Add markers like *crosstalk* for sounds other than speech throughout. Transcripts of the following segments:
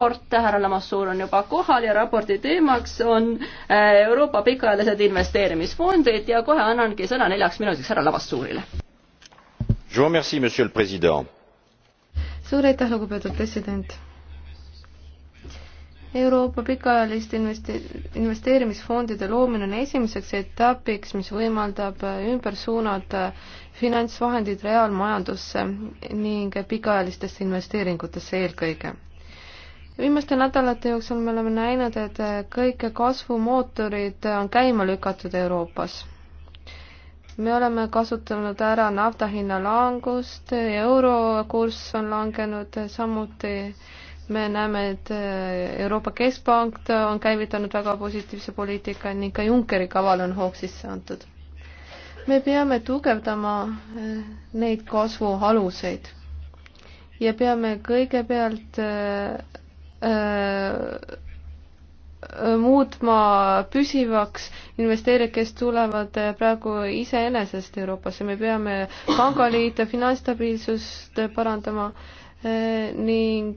raport, härra Lamassuur on juba kohal ja raporti teemaks on äh, Euroopa pikaajalised investeerimisfondid ja kohe annangi sõna neljaks minutiks härra Lamassuurile. suur aitäh, lugupeetud president. Euroopa pikaajaliste investe-, investeerimisfondide loomine on esimeseks etapiks, mis võimaldab ümber suunata finantsvahendid reaalmajandusse ning pikaajalistesse investeeringutesse eelkõige viimaste nädalate jooksul me oleme näinud, et kõik kasvumootorid on käima lükatud Euroopas. me oleme kasutanud ära nafta hinna langust, eurokurss on langenud, samuti me näeme, et Euroopa Keskpank on käivitanud väga positiivse poliitika ning ka Junckeri kaval on hoog sisse antud. me peame tugevdama eh, neid kasvu aluseid ja peame kõigepealt eh, Äh, muutma püsivaks investeerijad, kes tulevad äh, praegu iseenesest Euroopasse, me peame pangaliitu, finantsstabiilsust parandama äh, ning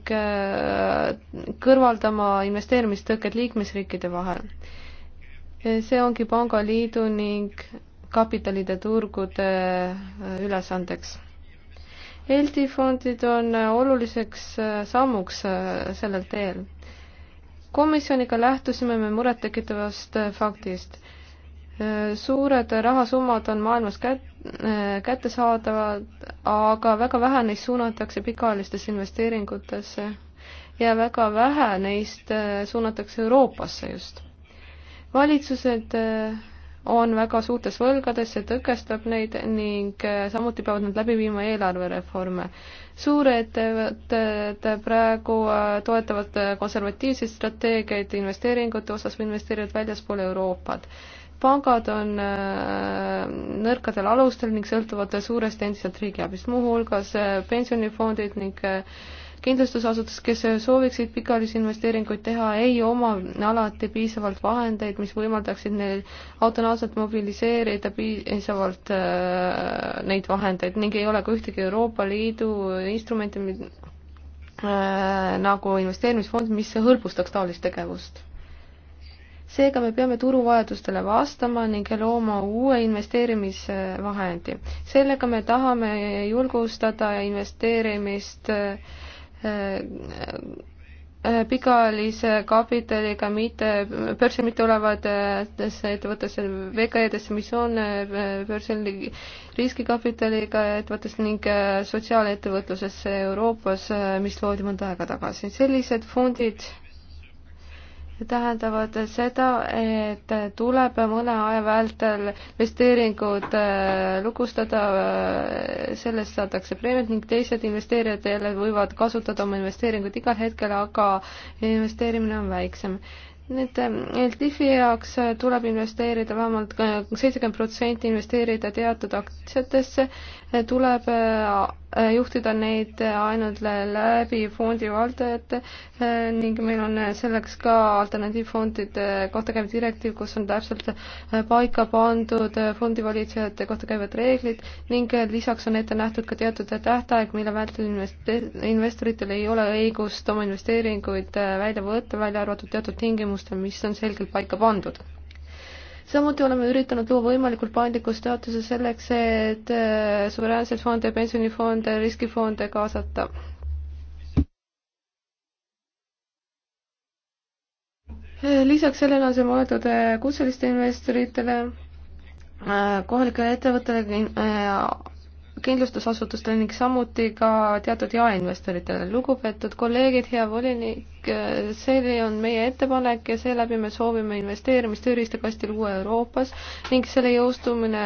kõrvaldama investeerimistõkked liikmesriikide vahel. see ongi pangaliidu ning kapitalide turgude ülesandeks ELTi fondid on oluliseks äh, sammuks äh, sellel teel. komisjoniga lähtusime me murettekitavast äh, faktist. suured rahasummad on maailmas kätt-, kättesaadavad, aga väga vähe neist suunatakse pikaajalistesse investeeringutesse ja väga vähe neist suunatakse Euroopasse just. valitsused on väga suurtes võlgades, see tõkestab neid ning äh, samuti peavad nad läbi viima eelarvereforme. suurettevõtted äh, praegu äh, toetavad konservatiivseid strateegiaid investeeringute osas või investeerivad väljaspool Euroopat. pangad on nõrkadel alustel ning sõltuvad suuresti endiselt riigiabist, muuhulgas pensionifondid ning kindlustusasutus, kes sooviksid pikaajalisi investeeringuid teha, ei oma alati piisavalt vahendeid, mis võimaldaksid neil autonoomselt mobiliseerida piisavalt äh, neid vahendeid ning ei ole ka ühtegi Euroopa Liidu instrumenti, äh, nagu investeerimisfond, mis hõlbustaks taolist tegevust seega me peame turuvajadustele vastama ning looma uue investeerimisvahendi. sellega me tahame julgustada investeerimist äh, Äh, äh, pikaajalise kapitaliga mitte, börsil mitte olevatesse äh, ettevõttesse, VKE-desse, mis on börsil riskikapitaliga ettevõttes ning sotsiaalettevõtlusesse Euroopas, mis loodi mõnda aega tagasi. sellised fondid tähendavad seda, et tuleb mõne aja vältel investeeringud äh, lukustada, äh, sellest saadakse preemiat ning teised investeerijad jälle võivad kasutada oma investeeringut igal hetkel, aga investeerimine on väiksem. nüüd äh, LTIF-i jaoks tuleb investeerida vähemalt seitsekümmend protsenti investeerida teatud aktsiatesse tuleb äh, juhtida neid ainult läbi fondi valdajate äh, ning meil on selleks ka alternatiivfondide kohta käiv direktiiv, kus on täpselt äh, paika pandud fondivalitsejate kohta käivad reeglid ning lisaks on ette nähtud ka teatud tähtaeg, mille vältel invest-, investoritel ei ole õigust oma investeeringuid välja võtta, välja arvatud teatud tingimustel, mis on selgelt paika pandud samuti oleme üritanud luua võimalikult paindliku staatuse selleks, et äh, suveräänseid fonde, pensionifonde, riskifonde kaasata. lisaks sellele on see mõeldud äh, kutseliste investoritele, äh, kohalikele ettevõttele, kindlustusasutustele ning samuti ka teatud jaeinvestoritele. lugupeetud kolleegid, hea volinik, see on meie ettepanek ja seeläbi me soovime investeerimist tööriistakastil uue Euroopas ning selle jõustumine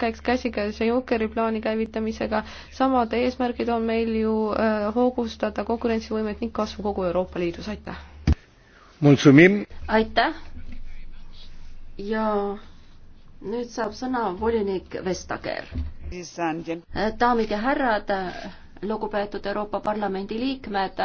käiks käsikäes Junckeri plaani käivitamisega. samad eesmärgid on meil ju äh, hoogustada konkurentsivõimet ning kasvu kogu Euroopa Liidus, aitäh! aitäh! ja nüüd saab sõna volinik Vestager daamid ja härrad, lugupeetud Euroopa Parlamendi liikmed,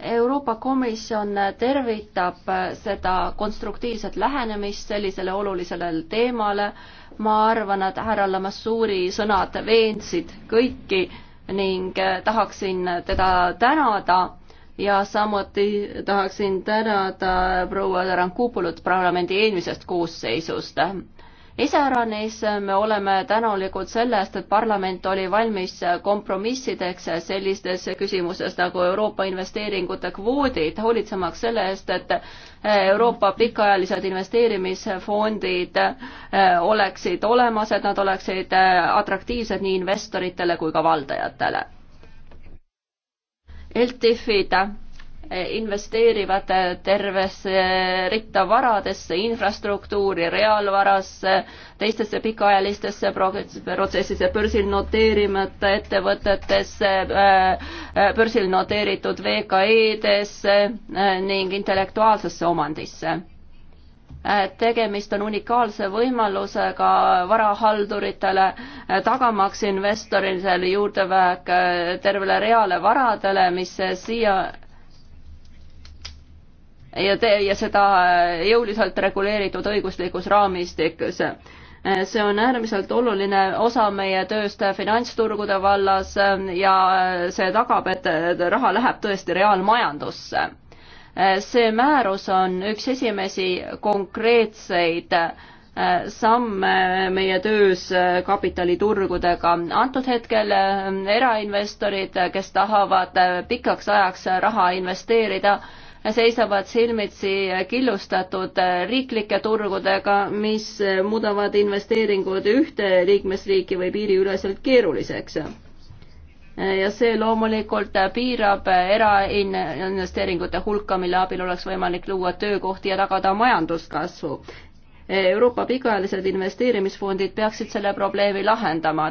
Euroopa Komisjon tervitab seda konstruktiivset lähenemist sellisele olulisele teemale. ma arvan, et härra Lamassuuri sõnad veensid kõiki ning tahaksin teda tänada ja samuti tahaksin tänada proua Rankupulut parlamendi eelmisest koosseisust iseäranis me oleme tänulikud selle eest, et parlament oli valmis kompromissideks sellistes küsimuses nagu Euroopa investeeringute kvoodid, hoolitsemaks selle eest, et Euroopa pikaajalised investeerimisfondid oleksid olemas, et nad oleksid atraktiivsed nii investoritele kui ka valdajatele. LTIF-id investeerivad tervesse ritta varadesse, infrastruktuuri, reaalvarasse, teistesse pikaajalistesse protsessisse, börsil noteerimata ettevõtetesse, äh, äh, börsil noteeritud VKE-desse äh, ning intellektuaalsesse omandisse tegemist on unikaalse võimalusega varahalduritele, tagamaks investorile juurdepääk tervele reale varadele, mis siia ja te- ja seda jõuliselt reguleeritud õiguslikus raamistikus. see on äärmiselt oluline osa meie tööst finantsturgude vallas ja see tagab, et raha läheb tõesti reaalmajandusse. see määrus on üks esimesi konkreetseid samme meie töös kapitaliturgudega. antud hetkel erainvestorid, kes tahavad pikaks ajaks raha investeerida, seisavad silmitsi killustatud riiklike turgudega, mis muudavad investeeringud ühte liikmesriiki või piiriüleselt keeruliseks. ja see loomulikult piirab erainvesteeringute hulka, mille abil oleks võimalik luua töökohti ja tagada majanduskasvu. Euroopa pikaajalised investeerimisfondid peaksid selle probleemi lahendama.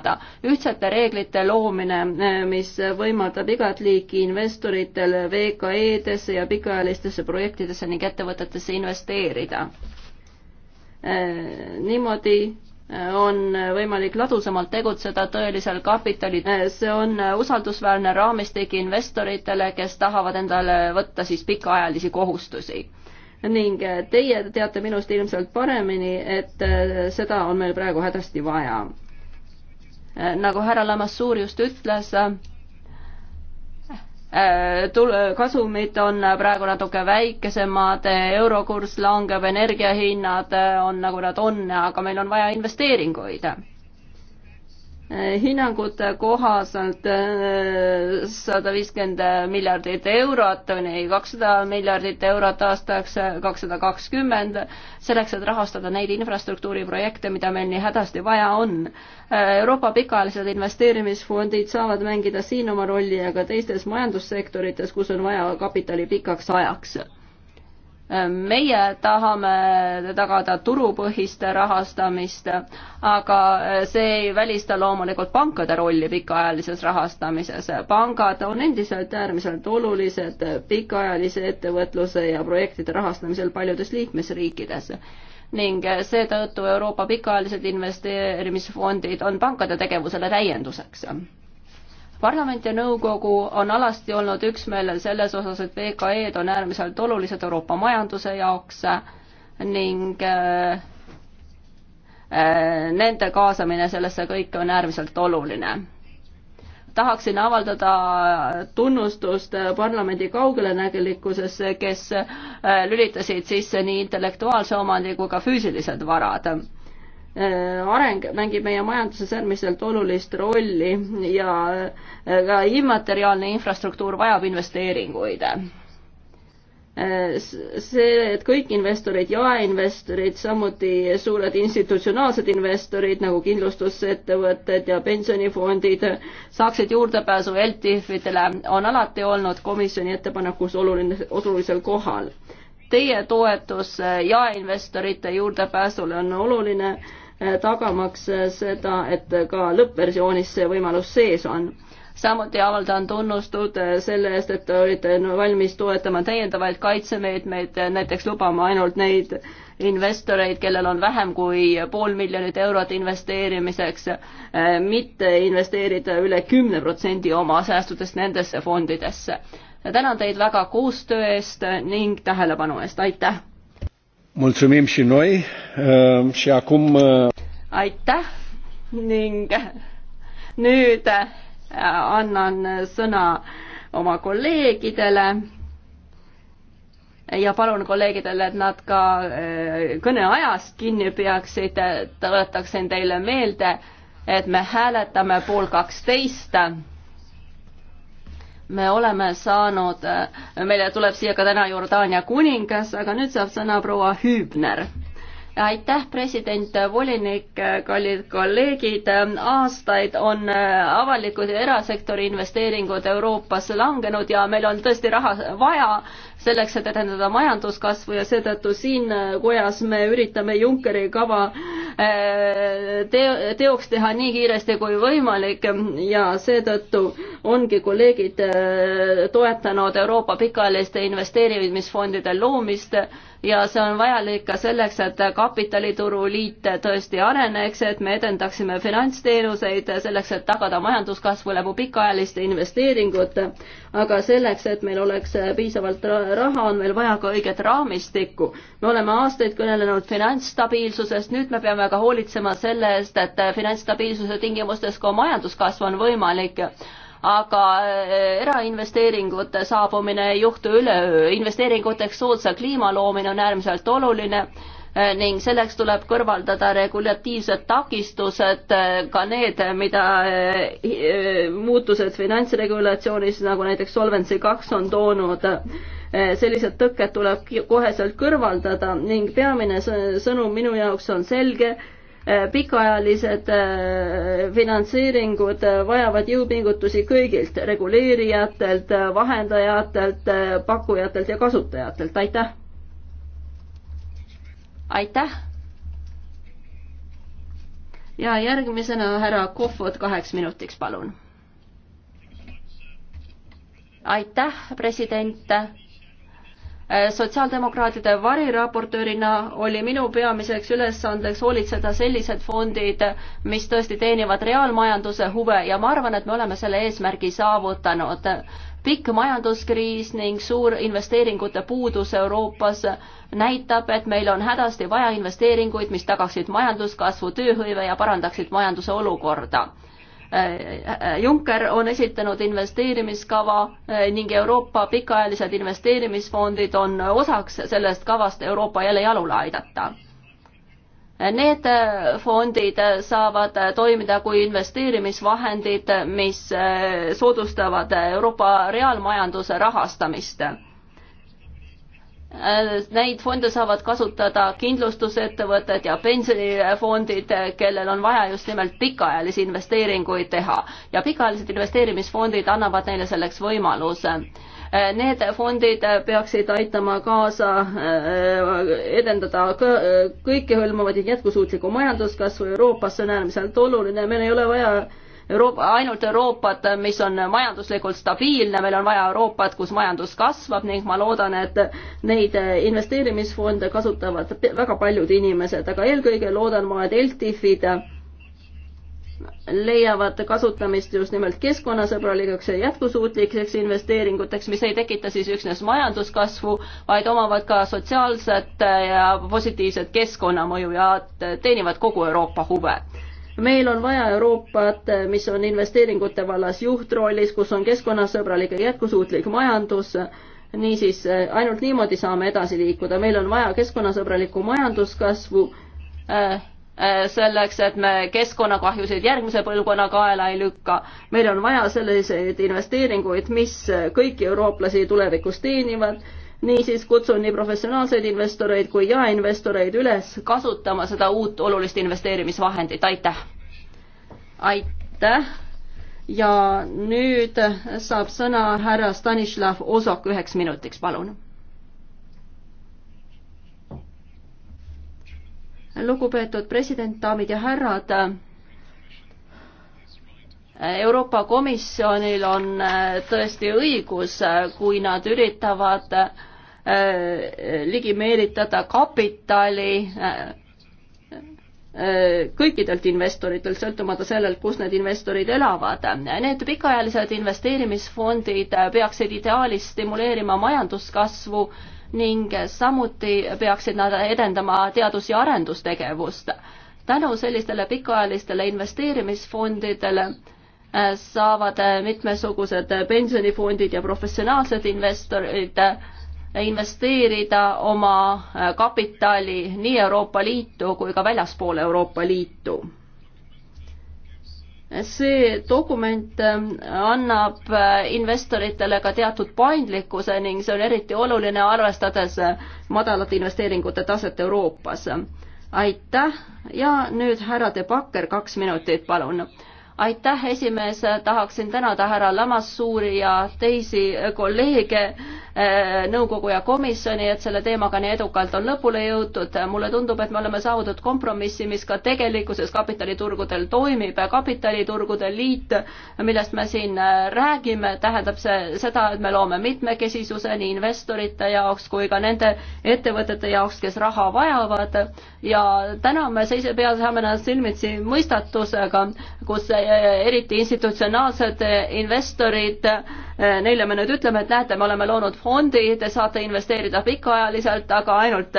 ühtsete reeglite loomine, mis võimaldab igat liiki investoritel VKE-desse ja pikaajalistesse projektidesse ning ettevõtetesse investeerida. niimoodi on võimalik ladusamalt tegutseda tõelisel kapitalil. see on usaldusväärne raamistik investoritele, kes tahavad endale võtta siis pikaajalisi kohustusi ning eh, teie teate minust ilmselt paremini, et eh, seda on meil praegu hädasti vaja. Eh, nagu härra Lamassuur just ütles, tul-, kasumid on praegu natuke väikesemad, eurokurss langeb, energiahinnad on nagu nad on, aga meil on vaja investeeringuid hinnangute kohaselt äh, sada viiskümmend miljardit eurot kuni kakssada miljardit eurot aastaks, äh, kakssada kakskümmend, selleks, et rahastada neid infrastruktuuriprojekte, mida meil nii hädasti vaja on. Äh, Euroopa pikaajalised investeerimisfondid saavad mängida siin oma rolli ja ka teistes majandussektorites, kus on vaja kapitali pikaks ajaks meie tahame tagada turupõhist rahastamist, aga see ei välista loomulikult pankade rolli pikaajalises rahastamises. pangad on endiselt äärmiselt olulised pikaajalise ettevõtluse ja projektide rahastamisel paljudes liikmesriikides ning seetõttu Euroopa pikaajalised investeerimisfondid on pankade tegevusele täienduseks parlament ja nõukogu on alasti olnud üksmeelel selles osas, et VKE-d on äärmiselt olulised Euroopa majanduse jaoks ning äh, äh, nende kaasamine sellesse kõike on äärmiselt oluline. tahaksin avaldada tunnustust parlamendi kaugelenägelikkusesse, kes äh, lülitasid sisse nii intellektuaalse omandi kui ka füüsilised varad Äh, areng mängib meie majanduses äärmiselt olulist rolli ja äh, ka immateriaalne infrastruktuur vajab investeeringuid. Äh, see, et kõik investorid, jaeinvestorid, samuti suured institutsionaalsed investorid nagu kindlustusettevõtted ja pensionifondid saaksid juurdepääsu LTIF-idele, on alati olnud komisjoni ettepanekus oluline, olulisel kohal. Teie toetus jaeinvestorite juurdepääsule on oluline Äh, tagamaks äh, seda, et ka lõppversioonis see võimalus sees on. samuti avaldan tunnustust äh, selle eest, et te olite valmis toetama täiendavaid kaitsemeetmeid, näiteks lubama ainult neid investoreid, kellel on vähem kui pool miljonit eurot investeerimiseks, mitte investeerida üle kümne protsendi oma säästudest nendesse fondidesse. tänan teid väga koostöö eest ning tähelepanu eest, aitäh! mulțumim și noi uh, și acum uh, aitäh ning nüüd uh, annan sõna oma kolleegidele ja palun kolleegidele, et nad ka kõneajast kinni peaksid, tuletaksin teile meelde, et me hääletame pool kaksteist me oleme saanud, meile tuleb siia ka täna Jordaania kuningas, aga nüüd saab sõna proua Hüübner. aitäh, president, volinik, kallid kolleegid, aastaid on avalikud ja erasektori investeeringud Euroopas langenud ja meil on tõesti raha vaja selleks, et edendada majanduskasvu ja seetõttu siin äh, kojas me üritame Junckeri kava äh, te-, teoks teha nii kiiresti kui võimalik ja seetõttu ongi kolleegid äh, toetanud Euroopa pikaajaliste investeerimisfondide loomist ja see on vajalik ka selleks, et kapitalituru liit tõesti areneks, et me edendaksime finantsteenuseid selleks, et tagada majanduskasvu läbi pikaajaliste investeeringute aga selleks, et meil oleks äh, piisavalt raha, on meil vaja ka õiget raamistikku. me oleme aastaid kõnelenud finantsstabiilsusest, nüüd me peame ka hoolitsema selle eest, et äh, finantsstabiilsuse tingimustes ka majanduskasv on võimalik aga äh, erainvesteeringute saabumine ei juhtu üleöö. investeeringuteks soodsa kliima loomine on äärmiselt oluline Äh, ning selleks tuleb kõrvaldada regulatiivsed takistused, äh, ka need, mida äh, muutused finantsregulatsioonis, nagu näiteks Solvency kaks on toonud, sellised tõkked tuleb koheselt kõrvaldada ning peamine sõnum minu jaoks on selge, pikaajalised finantseeringud vajavad jõupingutusi kõigilt reguleerijatelt, vahendajatelt, pakkujatelt ja kasutajatelt, aitäh! aitäh. ja järgmisena härra Kohvod kaheks minutiks, palun. aitäh, president äh, sotsiaaldemokraatide variraportöörina oli minu peamiseks ülesandeks hoolitseda sellised fondid, mis tõesti teenivad reaalmajanduse huve ja ma arvan, et me oleme selle eesmärgi saavutanud pikk majanduskriis ning suur investeeringute puudus Euroopas näitab, et meil on hädasti vaja investeeringuid, mis tagaksid majanduskasvu, tööhõive ja parandaksid majanduse olukorda. Juncker on esitanud investeerimiskava eh, ning Euroopa pikaajalised investeerimisfondid on osaks sellest kavast Euroopa jälle jalule aidata Need äh, fondid äh, saavad äh, toimida kui investeerimisvahendid, mis soodustavad Euroopa reaalmajanduse rahastamist. Neid fonde saavad kasutada kindlustusettevõtted ja pensionifondid, kellel on vaja just nimelt pikaajalisi investeeringuid teha ja pikaajalised investeerimisfondid annavad neile selleks võimaluse Need fondid peaksid aitama kaasa äh, edendada kõikehõlmavat ja jätkusuutlikku majanduskasvu Euroopas, see on äärmiselt oluline, meil ei ole vaja Euroopa, ainult Euroopat, mis on majanduslikult stabiilne, meil on vaja Euroopat, kus majandus kasvab ning ma loodan, et neid investeerimisfonde kasutavad väga paljud inimesed, aga eelkõige loodan ma, et LTIF-id leiavad kasutamist just nimelt keskkonnasõbralikeks ja jätkusuutlikeks investeeringuteks, mis ei tekita siis üksnes majanduskasvu, vaid omavad ka sotsiaalset ja positiivset keskkonnamõju ja teenivad kogu Euroopa huve meil on vaja Euroopat, mis on investeeringute vallas juhtrollis, kus on keskkonnasõbralik ja jätkusuutlik majandus, niisiis ainult niimoodi saame edasi liikuda, meil on vaja keskkonnasõbralikku majanduskasvu äh,, Äh, selleks, et me keskkonnakahjusid järgmise põlvkonna kaela ei lükka. meil on vaja selliseid investeeringuid, mis kõiki eurooplasi tulevikus teenivad. niisiis kutsun nii professionaalseid investoreid kui jaeinvestoreid üles kasutama seda uut olulist investeerimisvahendit, aitäh! aitäh! ja nüüd saab sõna härra Stanislav Ozok üheks minutiks, palun lugupeetud president, daamid ja härrad. Euroopa Komisjonil on äh, tõesti õigus, äh, kui nad üritavad äh, ligi meelitada kapitali kõikidelt investoritelt, sõltumata sellelt, kus need investorid elavad. Need pikaajalised investeerimisfondid peaksid ideaalis stimuleerima majanduskasvu ning samuti peaksid nad edendama teadus- ja arendustegevust. tänu sellistele pikaajalistele investeerimisfondidele äh, saavad äh, mitmesugused pensionifondid ja professionaalsed investorid äh, investeerida oma kapitali nii Euroopa Liitu kui ka väljaspool Euroopa Liitu see dokument ähm, annab äh, investoritele ka teatud paindlikkuse ning see on eriti oluline, arvestades äh, madalat investeeringute taset Euroopas. aitäh ja nüüd härra De Backer, kaks minutit, palun aitäh, esimees, tahaksin tänada härra Lamassuuri ja teisi kolleege eh, nõukogu ja komisjoni, et selle teemaga nii edukalt on lõpule jõutud. mulle tundub, et me oleme saavutanud kompromissi, mis ka tegelikkuses kapitaliturgudel toimib. kapitaliturgude liit, millest me siin eh, räägime, tähendab see seda, et me loome mitmekesisuse nii investorite jaoks kui ka nende ettevõtete jaoks, kes raha vajavad ja täna me seise-, pea saame ennast silmitsi mõistatusega, kus e, e, eriti institutsionaalsed e, investorid, neile me nüüd ütleme, et näete, me oleme loonud fondi, te saate investeerida pikaajaliselt, aga ainult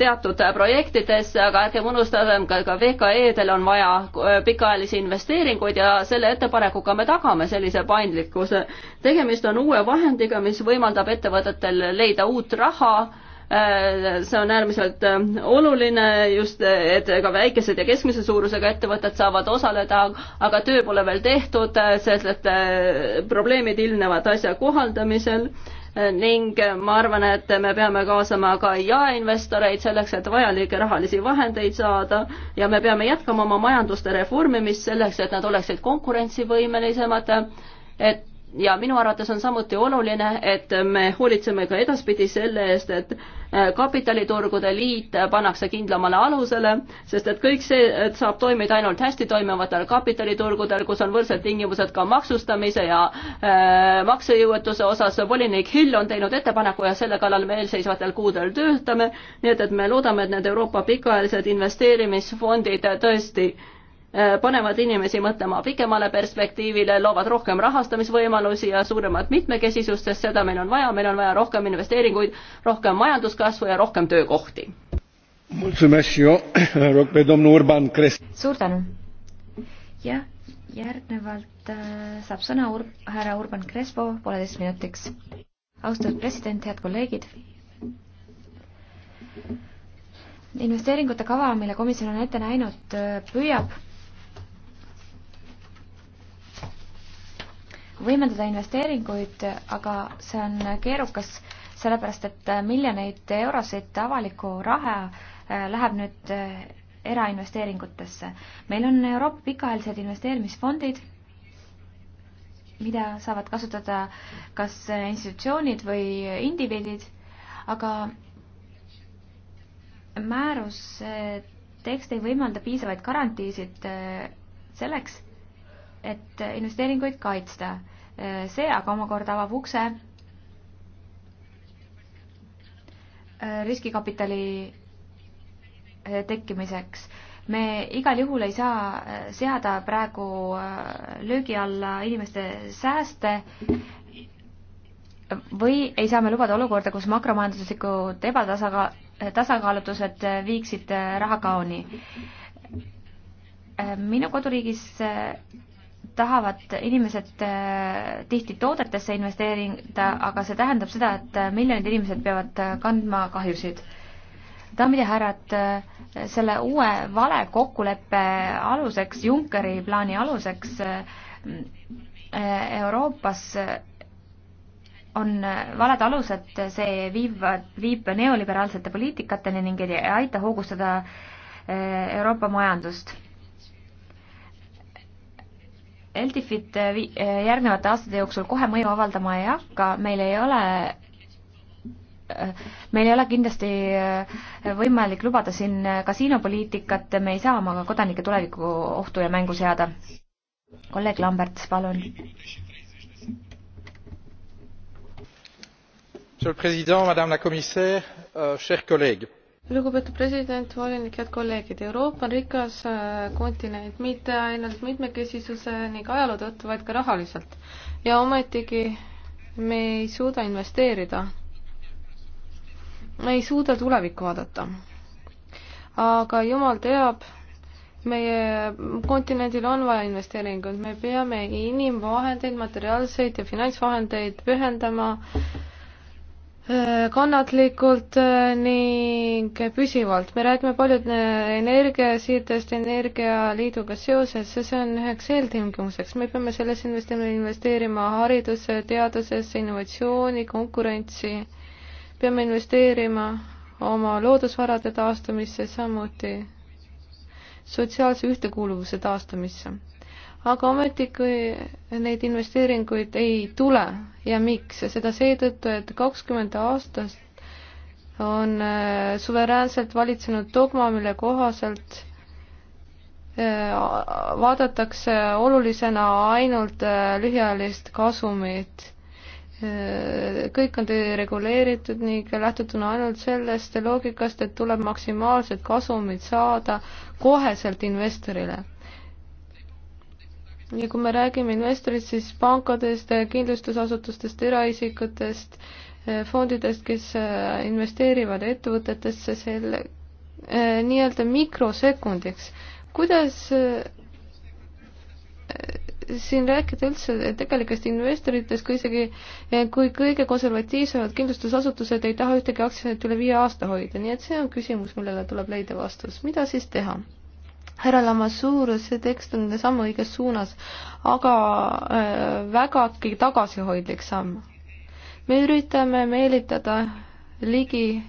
teatud projektidesse, aga ärgem unustagem, ka VKE-del on vaja pikaajalisi investeeringuid ja selle ettepanekuga me tagame sellise paindlikkuse. tegemist on uue vahendiga, mis võimaldab ettevõtetel leida uut raha Äh, see on äärmiselt äh, oluline just, äh, et ka väikesed ja keskmise suurusega ettevõtted saavad osaleda, aga töö pole veel tehtud, sest et probleemid ilmnevad asja kohaldamisel ning ma arvan, et me peame kaasama ka jaeinvestoreid selleks, et vajalikke rahalisi vahendeid saada ja me peame jätkama oma majanduste reformimist selleks, et nad oleksid konkurentsivõimelisemad, et ja minu arvates on samuti oluline, et me hoolitseme ka edaspidi selle eest, et äh, kapitaliturgude liit pannakse kindlamale alusele, sest et kõik see saab toimida ainult hästi toimivatel kapitaliturgudel, kus on võrdsed tingimused ka maksustamise ja äh, maksejõuetuse osas. volinik Hill on teinud ettepaneku ja selle kallal me eelseisvatel kuudel töötame, nii et, et me loodame, et need Euroopa pikaajalised investeerimisfondid tõesti äh, Äh, panevad inimesi mõtlema pikemale perspektiivile, loovad rohkem rahastamisvõimalusi ja suuremat mitmekesisust, sest seda meil on vaja, meil on vaja rohkem investeeringuid, rohkem majanduskasvu ja rohkem töökohti. *coughs* suur tänu. jah, järgnevalt äh, saab sõna Ur-, härra Urban Crespo pooleteist minutiks. austatud president, head kolleegid investeeringute kava, mille komisjon on ette näinud, äh, püüab võimendada investeeringuid, aga see on keerukas, sellepärast et miljoneid eurosid avalikku raha äh, läheb nüüd äh, erainvesteeringutesse. meil on Euroopa pikaajalised investeerimisfondid, mida saavad kasutada kas institutsioonid või indiviidid, aga määrus äh, tekst ei võimalda piisavaid garantiisid selleks, et investeeringuid kaitsta. see aga omakorda avab ukse äh, riskikapitali äh, tekkimiseks. me igal juhul ei saa äh, seada praegu löögi alla inimeste sääste või ei saa me lubada olukorda, kus makromajanduslikud ebatasaka-, tasakaalutused viiksid raha kaoni. minu koduriigis tahavad inimesed äh, tihti toodetesse investeerida, aga see tähendab seda, et äh, miljonid inimesed peavad äh, kandma kahjusid. daamid ja härrad, selle uue vale kokkuleppe aluseks, Junckeri plaani aluseks Euroopas on valed alused, see viivad, viib neoliberaalsete poliitikateni ning ei aita hoogustada Euroopa majandust LTIFit äh, äh, järgnevate aastate jooksul kohe mõju avaldama ei hakka, meil ei ole äh, meil ei ole kindlasti võimalik lubada siin kasiinopoliitikat, me ei saa oma kodanike tulevikku ohtu ja mängu seada. kolleeg Lambert, palun. Monsieur le Président, Madame la Commissaire, euh, chers collègues lugupeetud president, volinik, head kolleegid, Euroopa on rikas äh, kontinent mitte ainult mitmekesisuse ning ajaloo tõttu, vaid ka rahaliselt. ja ometigi me ei suuda investeerida. me ei suuda tulevikku vaadata. aga jumal teab, meie kontinendil on vaja investeeringuid, me peame inimvahendeid, materiaalseid ja finantsvahendeid pühendama äh, Äh, kannatlikult äh, ning püsivalt. me räägime paljud äh, energiasiirdest Energialiiduga seoses, see on üheks eeltingimuseks. me peame sellesse investeerima, investeerima haridusse, teadusesse, innovatsiooni, konkurentsi. peame investeerima oma loodusvarade taastumisse, samuti sotsiaalse ühtekuuluvuse taastamisse aga ometi, kui neid investeeringuid ei tule ja miks, seda seetõttu, et kakskümmend aastast on äh, suveräänselt valitsenud dogma, mille kohaselt äh, vaadatakse olulisena ainult äh, lühiajalist kasumit. kõik on reguleeritud ning lähtutuna ainult sellest loogikast, et tuleb maksimaalset kasumit saada koheselt investorile ja kui me räägime investoritest, siis pankadest, kindlustusasutustest, eraisikutest, eh, fondidest, kes eh, investeerivad ettevõtetesse selle eh, nii-öelda mikrosekundiks. kuidas siin rääkida üldse tegelikest investoritest, kui isegi, kui kõige konservatiivsemad kindlustusasutused ei taha ühtegi aktsiat üle viie aasta hoida, nii et see on küsimus, millele tuleb leida vastus. mida siis teha? härra Lamassoor, see tekst on samm õiges suunas, aga äh, vägagi tagasihoidlik samm. me üritame meelitada ligi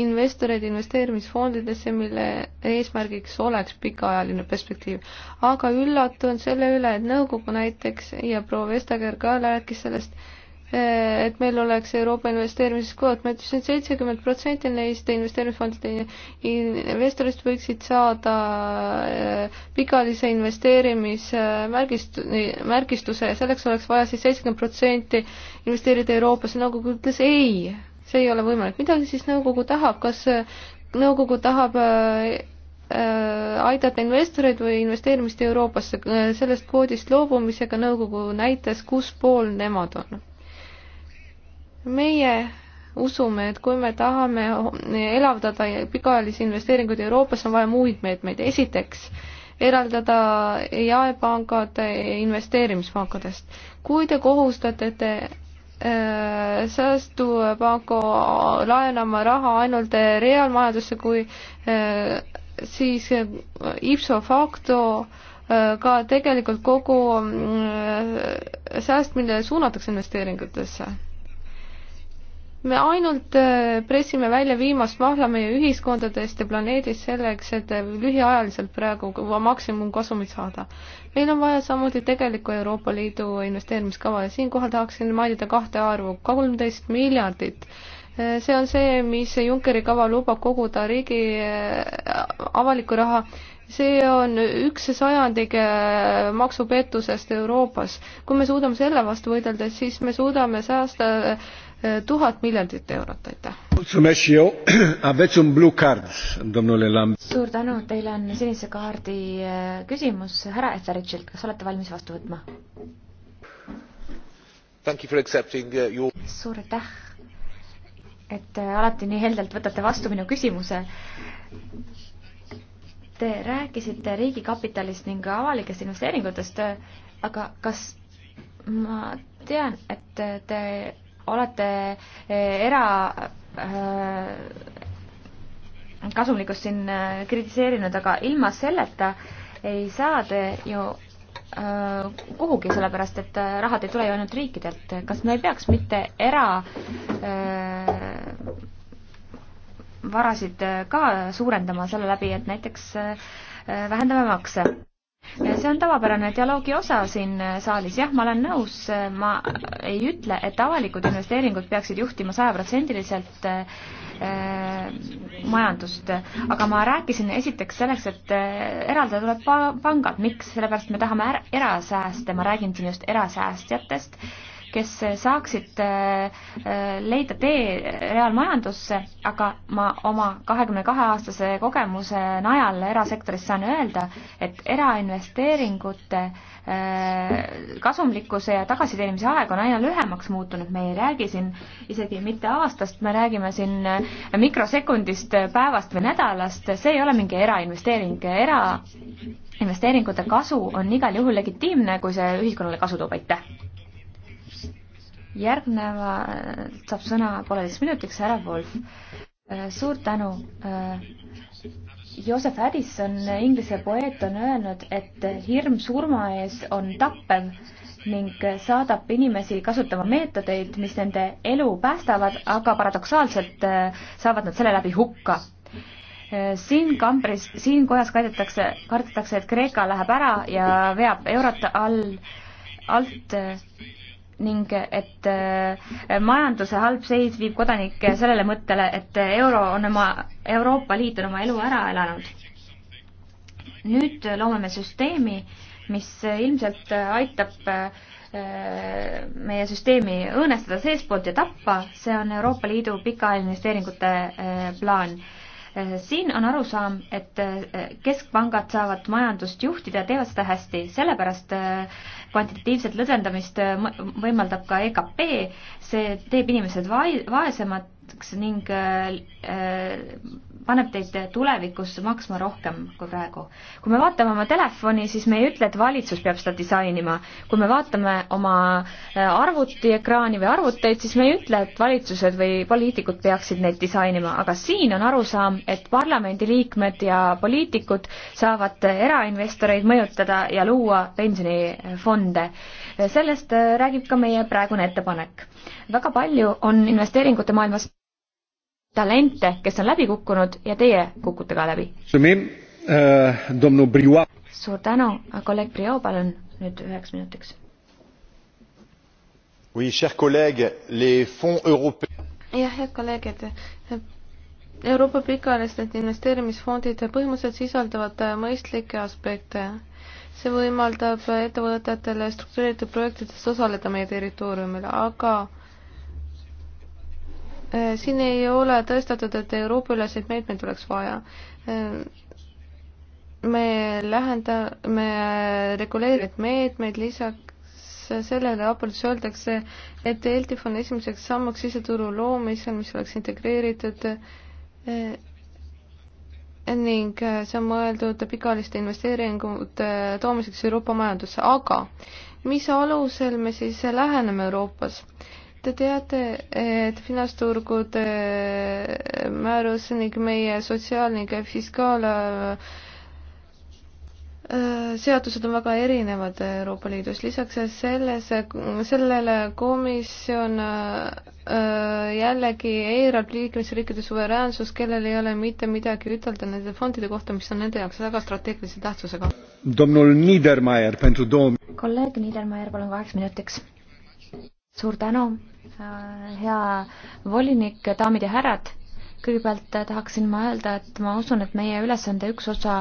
investoreid investeerimisfondidesse, mille eesmärgiks oleks pikaajaline perspektiiv. aga üllatun selle üle, et nõukogu näiteks ja proua Vestager ka rääkis sellest, Eh, et meil oleks Euroopa investeerimiskvoot, ma ütlesin, et seitsekümmend protsenti neist investeerimisfondide investorist võiksid saada eh, pikaajalise investeerimismärgist-, eh, märgistuse ja selleks oleks vaja siis seitsekümmend protsenti investeerida Euroopasse, nõukogu ütles ei, see ei ole võimalik, mida siis nõukogu tahab, kas nõukogu tahab aidata investoreid või investeerimist Euroopasse, sellest kvoodist loobumisega nõukogu näitas, kus pool nemad on meie usume, et kui me tahame elavdada pikaajalisi investeeringuid Euroopasse, on vaja muid meetmeid. esiteks, eraldada jaepangad investeerimispankadest. kui te kohustate te äh, säästupanku laenama raha ainult reaalmajandusse, kui äh, siis äh, ipso facto ka tegelikult kogu säästmine suunatakse investeeringutesse me ainult äh, pressime välja viimast mahla meie ühiskondadest ja planeedist selleks, et äh, lühiajaliselt praegu maksimumkasumit saada. meil on vaja samuti tegelikku Euroopa Liidu investeerimiskava ja siinkohal tahaksin mainida kahte arvu, kolmteist miljardit äh, see on see, mis Junckeri kava lubab koguda riigi avalikku raha. see on üks sajandik maksupettusest Euroopas. kui me suudame selle vastu võidelda, siis me suudame säästa tuhat miljardit eurot, aitäh. *clears throat* suur tänu, teil on sinise kaardi eh, küsimus härra Etheridžilt, kas olete valmis vastu võtma? Eh, suur aitäh, et eh, alati nii heldelt võtate vastu minu küsimuse. Te rääkisite riigikapitalist ning avalikest investeeringutest, aga kas ma tean, et te olete eh, era eh, kasumlikkust siin eh, kritiseerinud, aga ilma selleta ei saa te ju kuhugi, sellepärast et rahad ei tule ju ainult riikidelt. kas me ei peaks mitte era varasid ka suurendama selle läbi, et näiteks vähendame makse? see on tavapärane dialoogi osa siin äh, saalis, jah, ma olen nõus, äh, ma ei ütle, et avalikud investeeringud peaksid juhtima sajaprotsendiliselt äh, majandust, aga ma rääkisin esiteks selleks, et eraldada tuleb pa pangad, miks, sellepärast me tahame erasääste, ma räägin siin just erasäästjatest kes saaksid äh, leida tee reaalmajandusse, aga ma oma kahekümne kahe aastase kogemuse najal erasektoris saan öelda, et erainvesteeringute äh, kasumlikkuse ja tagasiteenimise aeg on aina lühemaks muutunud, me ei räägi siin isegi mitte aastast, me räägime siin äh, mikrosekundist, päevast või nädalast, see ei ole mingi erainvesteering, era investeeringute kasu on igal juhul legitiimne, kui see ühiskonnale kasu toob, aitäh! järgnevalt saab sõna pooleteist minutiks härra Wolf. Äh, suur tänu. Äh, Joseph Addison, inglise poeet, on öelnud, et hirm surma ees on tappev ning saadab inimesi kasutama meetodeid, mis nende elu päästavad, aga paradoksaalselt äh, saavad nad selle läbi hukka. siin kambris, siin kojas kardetakse, kardetakse, et Kreeka läheb ära ja veab eurot all, alt ning et äh, majanduse halb seis viib kodanikke sellele mõttele, et euro on oma, Euroopa Liit on oma elu ära elanud. nüüd loome me süsteemi, mis ilmselt aitab äh, meie süsteemi õõnestada seestpoolt ja tappa, see on Euroopa Liidu pikaajaline investeeringute äh, plaan Äh, siin on arusaam, et äh, keskpangad saavad majandust juhtida ja teevad seda hästi, sellepärast äh, kvantitatiivset lõdvendamist võimaldab ka EKP, see teeb inimesed vaesemaks ning paneb teid tulevikus maksma rohkem kui praegu. kui me vaatame oma telefoni, siis me ei ütle, et valitsus peab seda disainima. kui me vaatame oma äh, arvutiekraani või arvuteid, siis me ei ütle, et valitsused või poliitikud peaksid neid disainima, aga siin on arusaam, et parlamendiliikmed ja poliitikud saavad erainvestoreid mõjutada ja luua pensionifonde. sellest äh, räägib ka meie praegune ettepanek. väga palju on investeeringute maailmas talente, kes on läbi kukkunud ja teie kukute ka läbi. Äh, suur tänu, kolleeg Brio, palun nüüd üheks minutiks. jah, head kolleegid, Euroopa pikaajalised investeerimisfondid põhimõtteliselt sisaldavad mõistlikke aspekte. see võimaldab ettevõtetele struktureeritud projektides osaleda meie territooriumil, aga Äh, siin ei ole tõestatud, et Euroopa-üleseid meetmeid oleks vaja. Äh, me lähendame reguleerivaid meetmeid lisaks sellele raportis öeldakse, et LTIF on esimeseks sammuks siseturu loomisel, mis oleks integreeritud äh, ning see on mõeldud pikaajaliste investeeringute toomiseks Euroopa majandusse, aga mis alusel me siis läheneme Euroopas? Te teate, et finantsturgude määrus ning meie sotsiaal- ning fiskaal- seadused on väga erinevad Euroopa Liidus, lisaks selles, sellele komisjon äh, jällegi eirab liikmesriikide suveräänsust, kellel ei ole mitte midagi ütelda nende fondide kohta, mis on nende jaoks väga strateegilise tähtsusega. kolleeg Niedermayer, palun kaheks minutiks. suur tänu Äh, hea volinik, daamid ja härrad kõigepealt äh, tahaksin ma öelda, et ma usun, et meie ülesande üks osa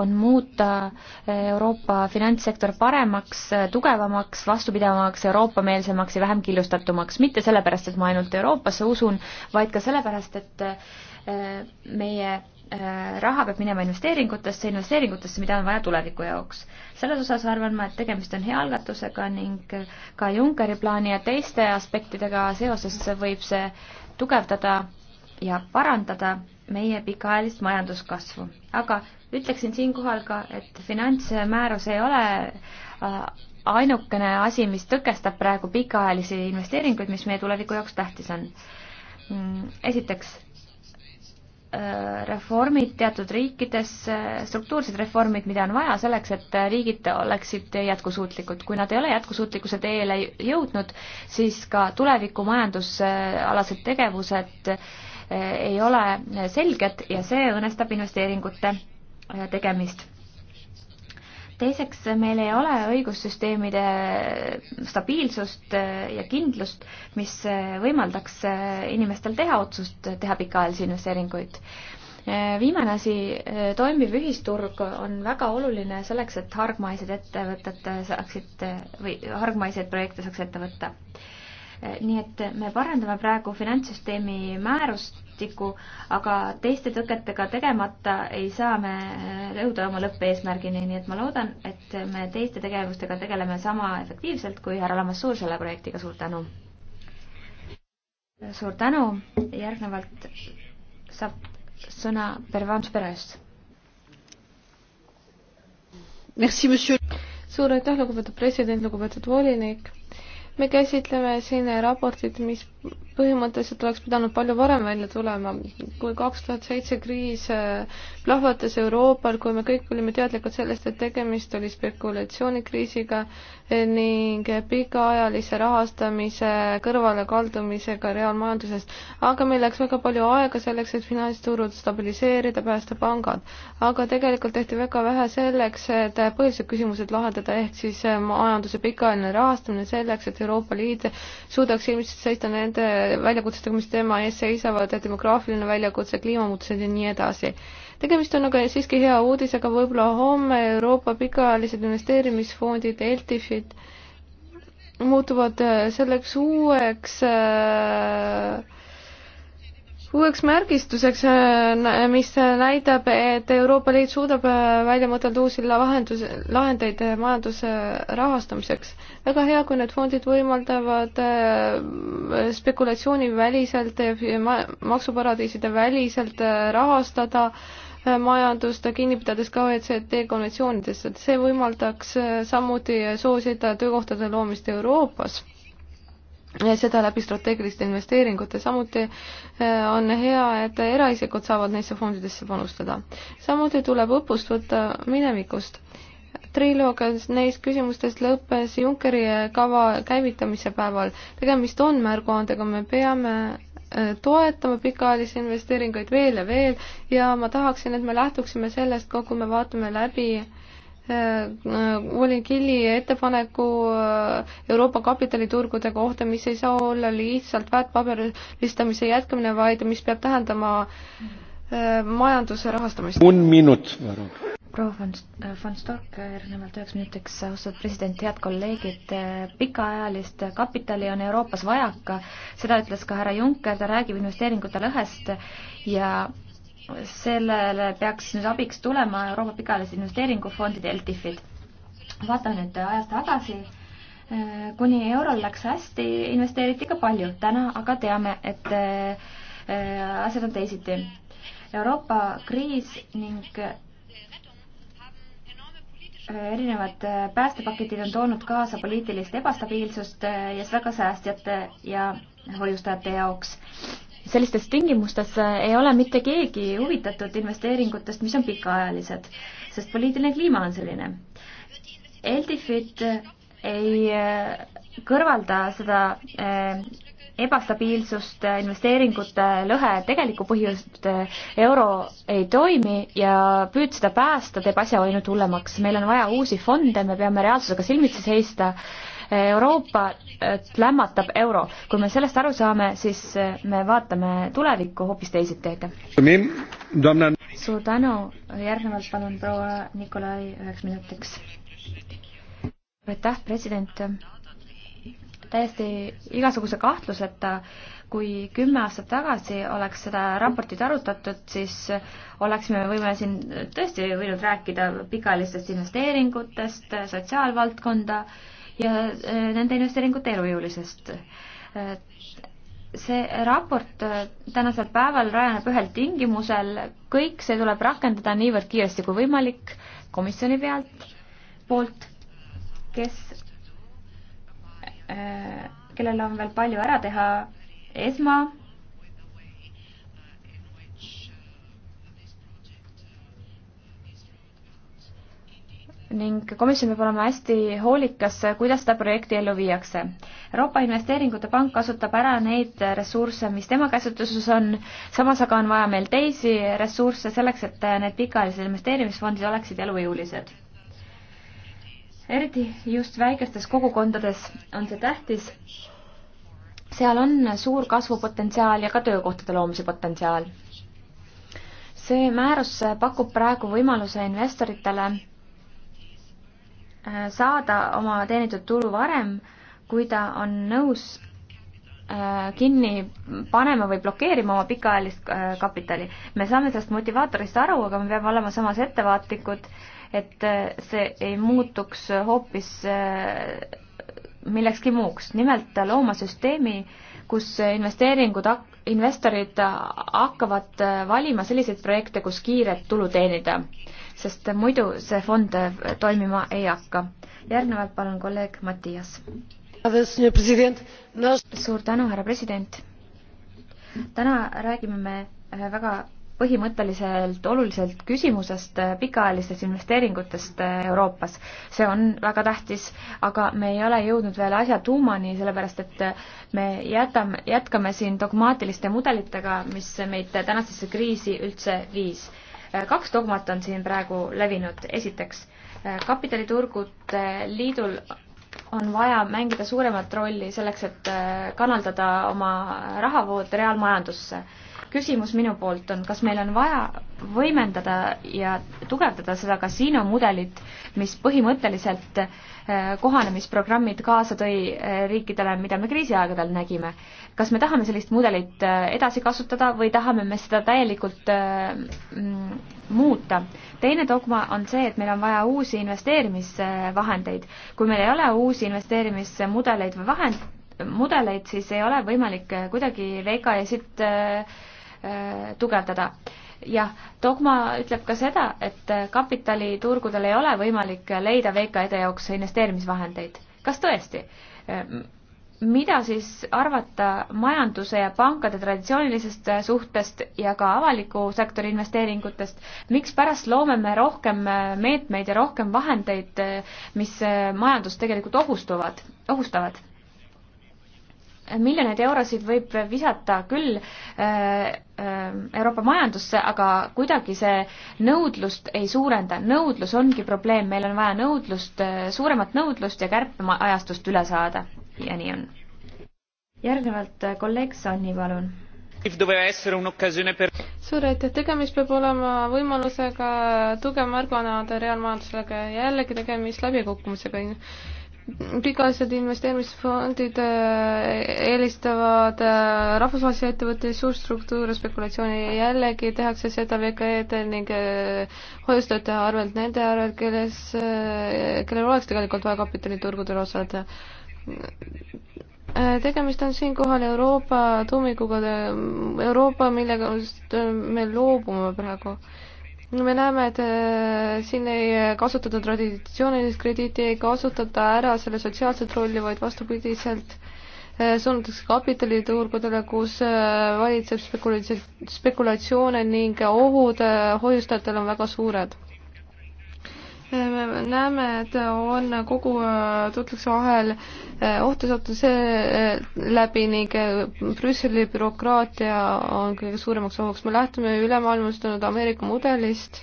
on muuta äh, Euroopa finantssektor paremaks, tugevamaks, vastupidavamaks, Euroopa-meelsemaks ja vähem killustatumaks. mitte sellepärast, et ma ainult Euroopasse usun, vaid ka sellepärast, et meie Äh, raha peab minema investeeringutesse, investeeringutesse, mida on vaja tuleviku jaoks. selles osas arvan ma, et tegemist on hea algatusega ning ka Junckeri plaani ja teiste aspektidega seoses võib see tugevdada ja parandada meie pikaajalist majanduskasvu. aga ütleksin siinkohal ka, et finantsmäärus ei ole äh, ainukene asi, mis tõkestab praegu pikaajalisi investeeringuid, mis meie tuleviku jaoks tähtis on. Mm, esiteks Äh, reformid teatud riikides, äh, struktuursed reformid, mida on vaja selleks, et äh, riigid oleksid jätkusuutlikud. kui nad ei ole jätkusuutlikkuse teele jõudnud, siis ka tuleviku majandusalased tegevused ei ole selged ja see õõnestab investeeringute tegemist teiseks, meil ei ole õigussüsteemide stabiilsust ja kindlust, mis võimaldaks inimestel teha otsust teha pikaajalisi investeeringuid. viimane asi, toimiv ühisturg on väga oluline selleks, et hargmaised ettevõtted saaksid või hargmaiseid projekte saaks ette võtta Eh, nii et me parandame praegu finantssüsteemi määrustikku, aga teiste tõketega tegemata ei saa me eh, jõuda oma lõppeesmärgini, nii et ma loodan, et me teiste tegevustega tegeleme sama efektiivselt kui härra Lamassuur selle projektiga, suur tänu! suur tänu, järgnevalt saab sõna Pervanš Perest. suur aitäh, lugupeetud president, lugupeetud volinik me käsitleme siin raportit, mis põhimõtteliselt oleks pidanud palju varem välja tulema, kui kaks tuhat seitse kriis eh, plahvatas Euroopal, kui me kõik olime teadlikud sellest, et tegemist oli spekulatsioonikriisiga eh, ning pikaajalise rahastamise kõrvalekaldumisega reaalmajandusest. aga meil läks väga palju aega selleks, et finantsturud stabiliseerida, päästa pangad. aga tegelikult tehti väga vähe selleks, et põhilised küsimused lahendada, ehk siis eh, majanduse pikaajaline rahastamine selleks, et Euroopa Liit suudaks ilmselt seista nende väljakutsetega, mis tema ees seisavad, demograafiline väljakutse, kliimamuutused ja nii edasi. tegemist on aga siiski hea uudisega, võib-olla homme Euroopa pikaajalised investeerimisfondid, LTIF-id muutuvad äh, selleks uueks äh, uueks märgistuseks, äh, mis näitab, et Euroopa Liit suudab äh, välja mõtelda uusi lahendus, lahendeid äh, majanduse rahastamiseks. väga hea, kui need fondid võimaldavad spekulatsiooniväliselt ja maksuparadiiside väliselt rahastada majandust, kinni pidades ka OECD konventsioonidest, et see võimaldaks samuti soosida töökohtade loomist Euroopas seda läbi strateegiliste investeeringute, samuti äh, on hea, et eraisikud saavad neisse fondidesse panustada. samuti tuleb õppust võtta minevikust. triloog neis küsimustest lõppes Junckeri kava käivitamise päeval. tegemist on märguandega, me peame äh, toetama pikaajalisi investeeringuid veel ja veel ja ma tahaksin, et me lähtuksime sellest, kui me vaatame läbi äh, Äh, olin Killi ettepaneku äh, Euroopa kapitaliturgude kohta, mis ei saa olla lihtsalt väärtpaberistamise jätkamine, vaid mis peab tähendama äh, majanduse rahastamist. on minut. proua von, von Stork, järgnevalt üheks minutiks, austatud president, head kolleegid, pikaajalist kapitali on Euroopas vajaka, seda ütles ka härra Juncker, ta räägib investeeringute lõhest ja sellele peaks nüüd abiks tulema Euroopa pikaajalised investeeringufondid LTIF-id. vaatame nüüd ajas tagasi, kuni eurol läks hästi, investeeriti ka palju, täna aga teame, et äh, asjad on teisiti. Euroopa kriis ning äh, erinevad äh, päästepaketid on toonud kaasa poliitilist ebastabiilsust ja seda ka säästjate ja hoiustajate jaoks sellistes tingimustes eh, ei ole mitte keegi huvitatud investeeringutest, mis on pikaajalised, sest poliitiline kliima on selline. LTIF-id eh, ei eh, kõrvalda seda ebastabiilsust, investeeringute lõhe tegelikku põhjust, euro ei toimi ja püüd seda päästa teeb asja ainult hullemaks. meil on vaja uusi fonde, me peame reaalsusega silmitsi seista Euroopat lämmatab euro. kui me sellest aru saame, siis eh, me vaatame tulevikku hoopis teisiti, aitäh. suur tänu, järgnevalt palun proua Nikolai üheks minutiks. aitäh, president. täiesti igasuguse kahtluseta kui kümme aastat tagasi oleks seda raportit arutatud, siis oleksime, võime siin tõesti võinud rääkida pikaajalistest investeeringutest, sotsiaalvaldkonda äh,, ja äh, nende investeeringute elujõulisest. Äh, see raport äh, tänasel päeval rajaneb ühel tingimusel, kõik see tuleb rakendada niivõrd kiiresti kui võimalik komisjoni pealt, poolt, kes, kellel on veel palju ära teha, esma ning komisjon peab olema hästi hoolikas, kuidas seda projekti ellu viiakse. Euroopa Investeeringute Pank kasutab ära neid ressursse, mis tema käsutuses on, samas aga on vaja meil teisi ressursse selleks, et need pikaajalised investeerimisfondid oleksid elujõulised. eriti just väikestes kogukondades on see tähtis, seal on suur kasvupotentsiaal ja ka töökohtade loomise potentsiaal. see määrus pakub praegu võimaluse investoritele Äh, saada oma teenitud tulu varem, kui ta on nõus äh, kinni panema või blokeerima oma pikaajalist äh, kapitali. me saame sellest motivaatorist aru, aga me peame olema samas ettevaatlikud, et see ei muutuks hoopis millekski muuks. nimelt looma süsteemi, kus investeeringud, investorid hakkavad valima selliseid projekte, kus kiiret tulu teenida sest muidu see fond toimima ei hakka. järgnevalt palun kolleeg Mattias. suur tänu, härra president. täna räägime me äh, väga põhimõtteliselt oluliselt küsimusest äh, pikaajalistest investeeringutest äh, Euroopas. see on väga tähtis, aga me ei ole jõudnud veel asja tuumani, sellepärast et me jätame, jätkame siin dogmaatiliste mudelitega, mis meid tänasesse kriisi üldse viis kaks dogmat on siin praegu levinud. esiteks, äh, kapitaliturgude liidul on vaja mängida suuremat rolli selleks, et äh, kanaldada oma rahavood reaalmajandusse küsimus minu poolt on, kas meil on vaja võimendada ja tugevdada seda kasiino mudelit, mis põhimõtteliselt eh, kohanemisprogrammid kaasa tõi eh, riikidele, mida me kriisiaegadel nägime. kas me tahame sellist mudelit eh, edasi kasutada või tahame me seda täielikult mm, muuta? teine dogma on see, et meil on vaja uusi investeerimisvahendeid. kui meil ei ole uusi investeerimismudeleid või vahend, mudeleid, siis ei ole võimalik kuidagi VKS-it äh, Äh, tugevdada. jah, dogma ütleb ka seda, et äh, kapitaliturgudel ei ole võimalik leida VKD jaoks investeerimisvahendeid. kas tõesti? Äh, mida siis arvata majanduse ja pankade traditsioonilisest suhtest ja ka avaliku sektori investeeringutest, mikspärast loome me rohkem meetmeid ja rohkem vahendeid, mis majandust tegelikult ohustuvad, ohustavad? miljoneid eurosid võib visata küll äh, äh, Euroopa majandusse, aga kuidagi see nõudlust ei suurenda. nõudlus ongi probleem, meil on vaja nõudlust, äh, suuremat nõudlust ja kärpeajastust üle saada ja nii on. järgnevalt kolleeg Sanni, palun suur aitäh, tegemist peab olema võimalusega tugev märguanne anda reaalmajandusele, jällegi tegemist läbikukkumisega pikaajalised investeerimisfondid eh, eelistavad eh, rahvusvahelisi ettevõtteid, suurstruktuure, spekulatsiooni jällegi tehakse seda VKE-del ning eh, hoiustajate arvelt nende arvelt, kelles, kellel oleks tegelikult vaja kapitaliturgudel osaleda. tegemist on siinkohal Euroopa tuumikuga, Euroopa, millega me loobume praegu me näeme, et äh, siin ei kasutata traditsioonilist krediiti, ei kasutata ära selle sotsiaalset rolli, vaid vastupidiselt äh, suunatakse kapitaliturgudele, kus äh, valitseb spekulatsioone ning ohud hoiustajatel on väga suured me näeme, et on kogu äh, tutvuse vahel äh, ohtu sattunud seeläbi äh, ning Brüsseli bürokraatia on kõige suuremaks ohuks. me lähtume ülemaailmastunud Ameerika mudelist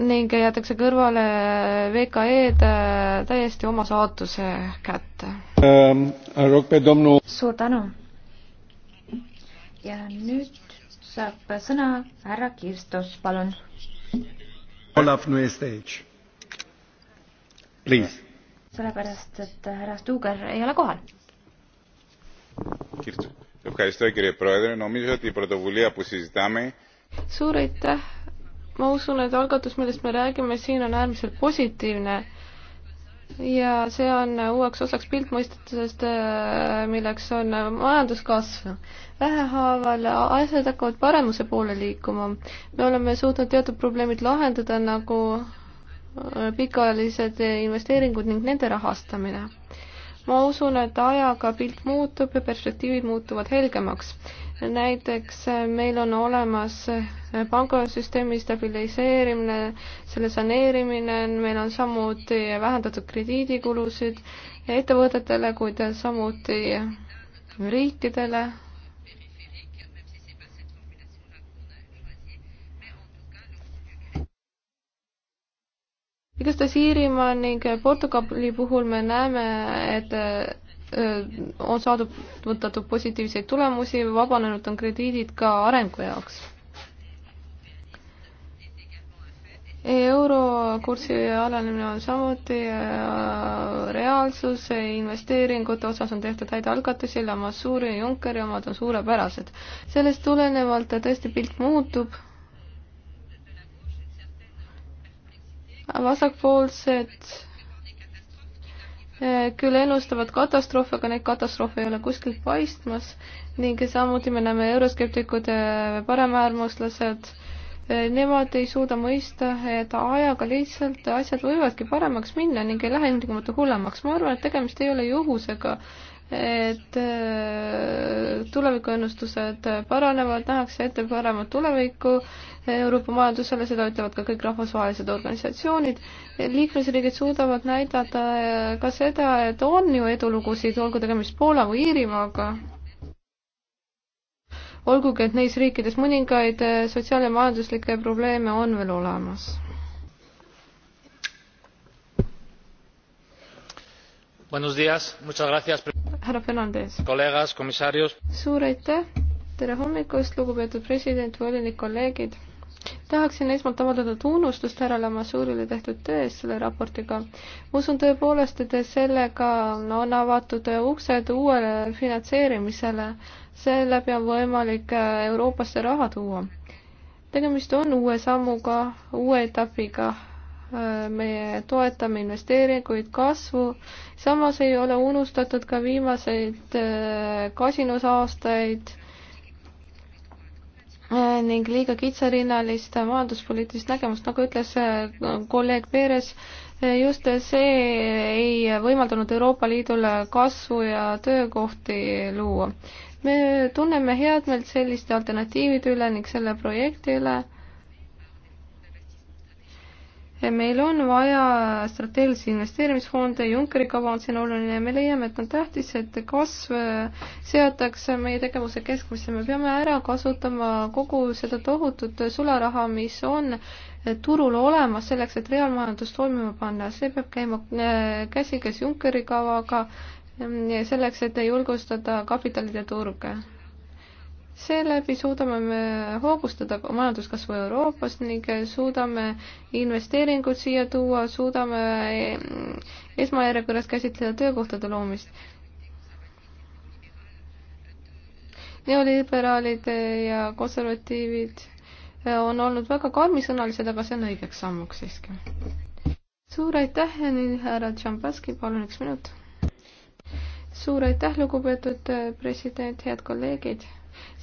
ning jäetakse kõrvale VKE-d täiesti oma saatuse kätte ähm,. suur tänu. ja nüüd saab sõna härra Kirstos, palun Olav nu este aici. Please. sellepärast, et härra Stuuger ei ole kohal. suur aitäh, ma usun, et algatus, millest me räägime siin, on äärmiselt positiivne ja see on uueks osaks piltmõistetusest, äh, milleks on majanduskasv. vähehaaval asjad hakkavad paremuse poole liikuma. me oleme suutnud teatud probleemid lahendada, nagu äh, pikaajalised investeeringud ning nende rahastamine. ma usun, et ajaga pilt muutub ja perspektiivid muutuvad helgemaks näiteks äh, meil on olemas äh, pangasüsteemi stabiliseerimine, selle saneerimine, meil on samuti vähendatud krediidikulusid ettevõtetele, kuid samuti riikidele. igastahes Iirimaa ning Portugali puhul me näeme, et äh, on saadud, võtatud positiivseid tulemusi, vabanenud on krediidid ka arengu jaoks. eurokursi alanemine on samuti äh, reaalsus, investeeringute osas on tehtud häid algatusi, Lamassuuri ja Junckeri omad on suurepärased. sellest tulenevalt tõesti pilt muutub. vasakpoolsed Äh, küll ennustavad katastroofe, aga neid katastroofe ei ole kuskilt paistmas ning samuti me näeme euroskeptikud, äh, paremäärmuslased, äh, nemad ei suuda mõista, et ajaga lihtsalt asjad võivadki paremaks minna ning ei lähe ilmtingimata hullemaks. ma arvan, et tegemist ei ole juhusega et äh, tulevikuennustused paranevad, nähakse ette paremat tulevikku Euroopa majandusele, seda ütlevad ka kõik rahvusvahelised organisatsioonid. liikmesriigid suudavad näidata äh, ka seda, et on ju edulugusid, olgu tegemist Poola või Iirimaaga. olgugi, et neis riikides mõningaid äh, sotsiaal- ja majanduslikke probleeme on veel olemas señor härra Fernandes. suur aitäh, tere hommikust, lugupeetud president, volinik, kolleegid. tahaksin esmalt avaldada tunnustust härra Lamassuurile tehtud töö eest selle raportiga. ma usun tõepoolest, et sellega on avatud uksed uuele finantseerimisele, seeläbi on võimalik Euroopasse raha tuua tegemist on uue sammuga, uue etapiga meie toetame investeeringuid, kasvu, samas ei ole unustatud ka viimaseid äh, kasinusaastaid äh, ning liiga kitsarinnalist majanduspoliitilist nägemust, nagu ütles äh, kolleeg Peeres, just see ei võimaldanud Euroopa Liidule kasvu ja töökohti luua. me tunneme headmelt selliste alternatiivide üle ning selle projekti üle meil on vaja strateegilisi investeerimisfonde, Junckeri kava on siin oluline ja me leiame, et on tähtis, et kasv äh, seatakse meie tegevuse keskmesse, me peame ära kasutama kogu seda tohutut sularaha, mis on äh, turul olemas selleks, et reaalmajandus toimima panna, see peab käima äh, käsikäes Junckeri kavaga, mm, selleks, et julgustada kapitalide turge seeläbi suudame me hoogustada majanduskasvu Euroopas ning suudame investeeringud siia tuua, suudame mm, esmajärjekorras käsitleda töökohtade loomist. neoliberaalid ja konservatiivid on olnud väga karmisõnalised, aga see on õigeks sammuks siiski. suur aitäh ja nüüd härra Tšambaski, palun üks minut. suur aitäh, lugupeetud president, head kolleegid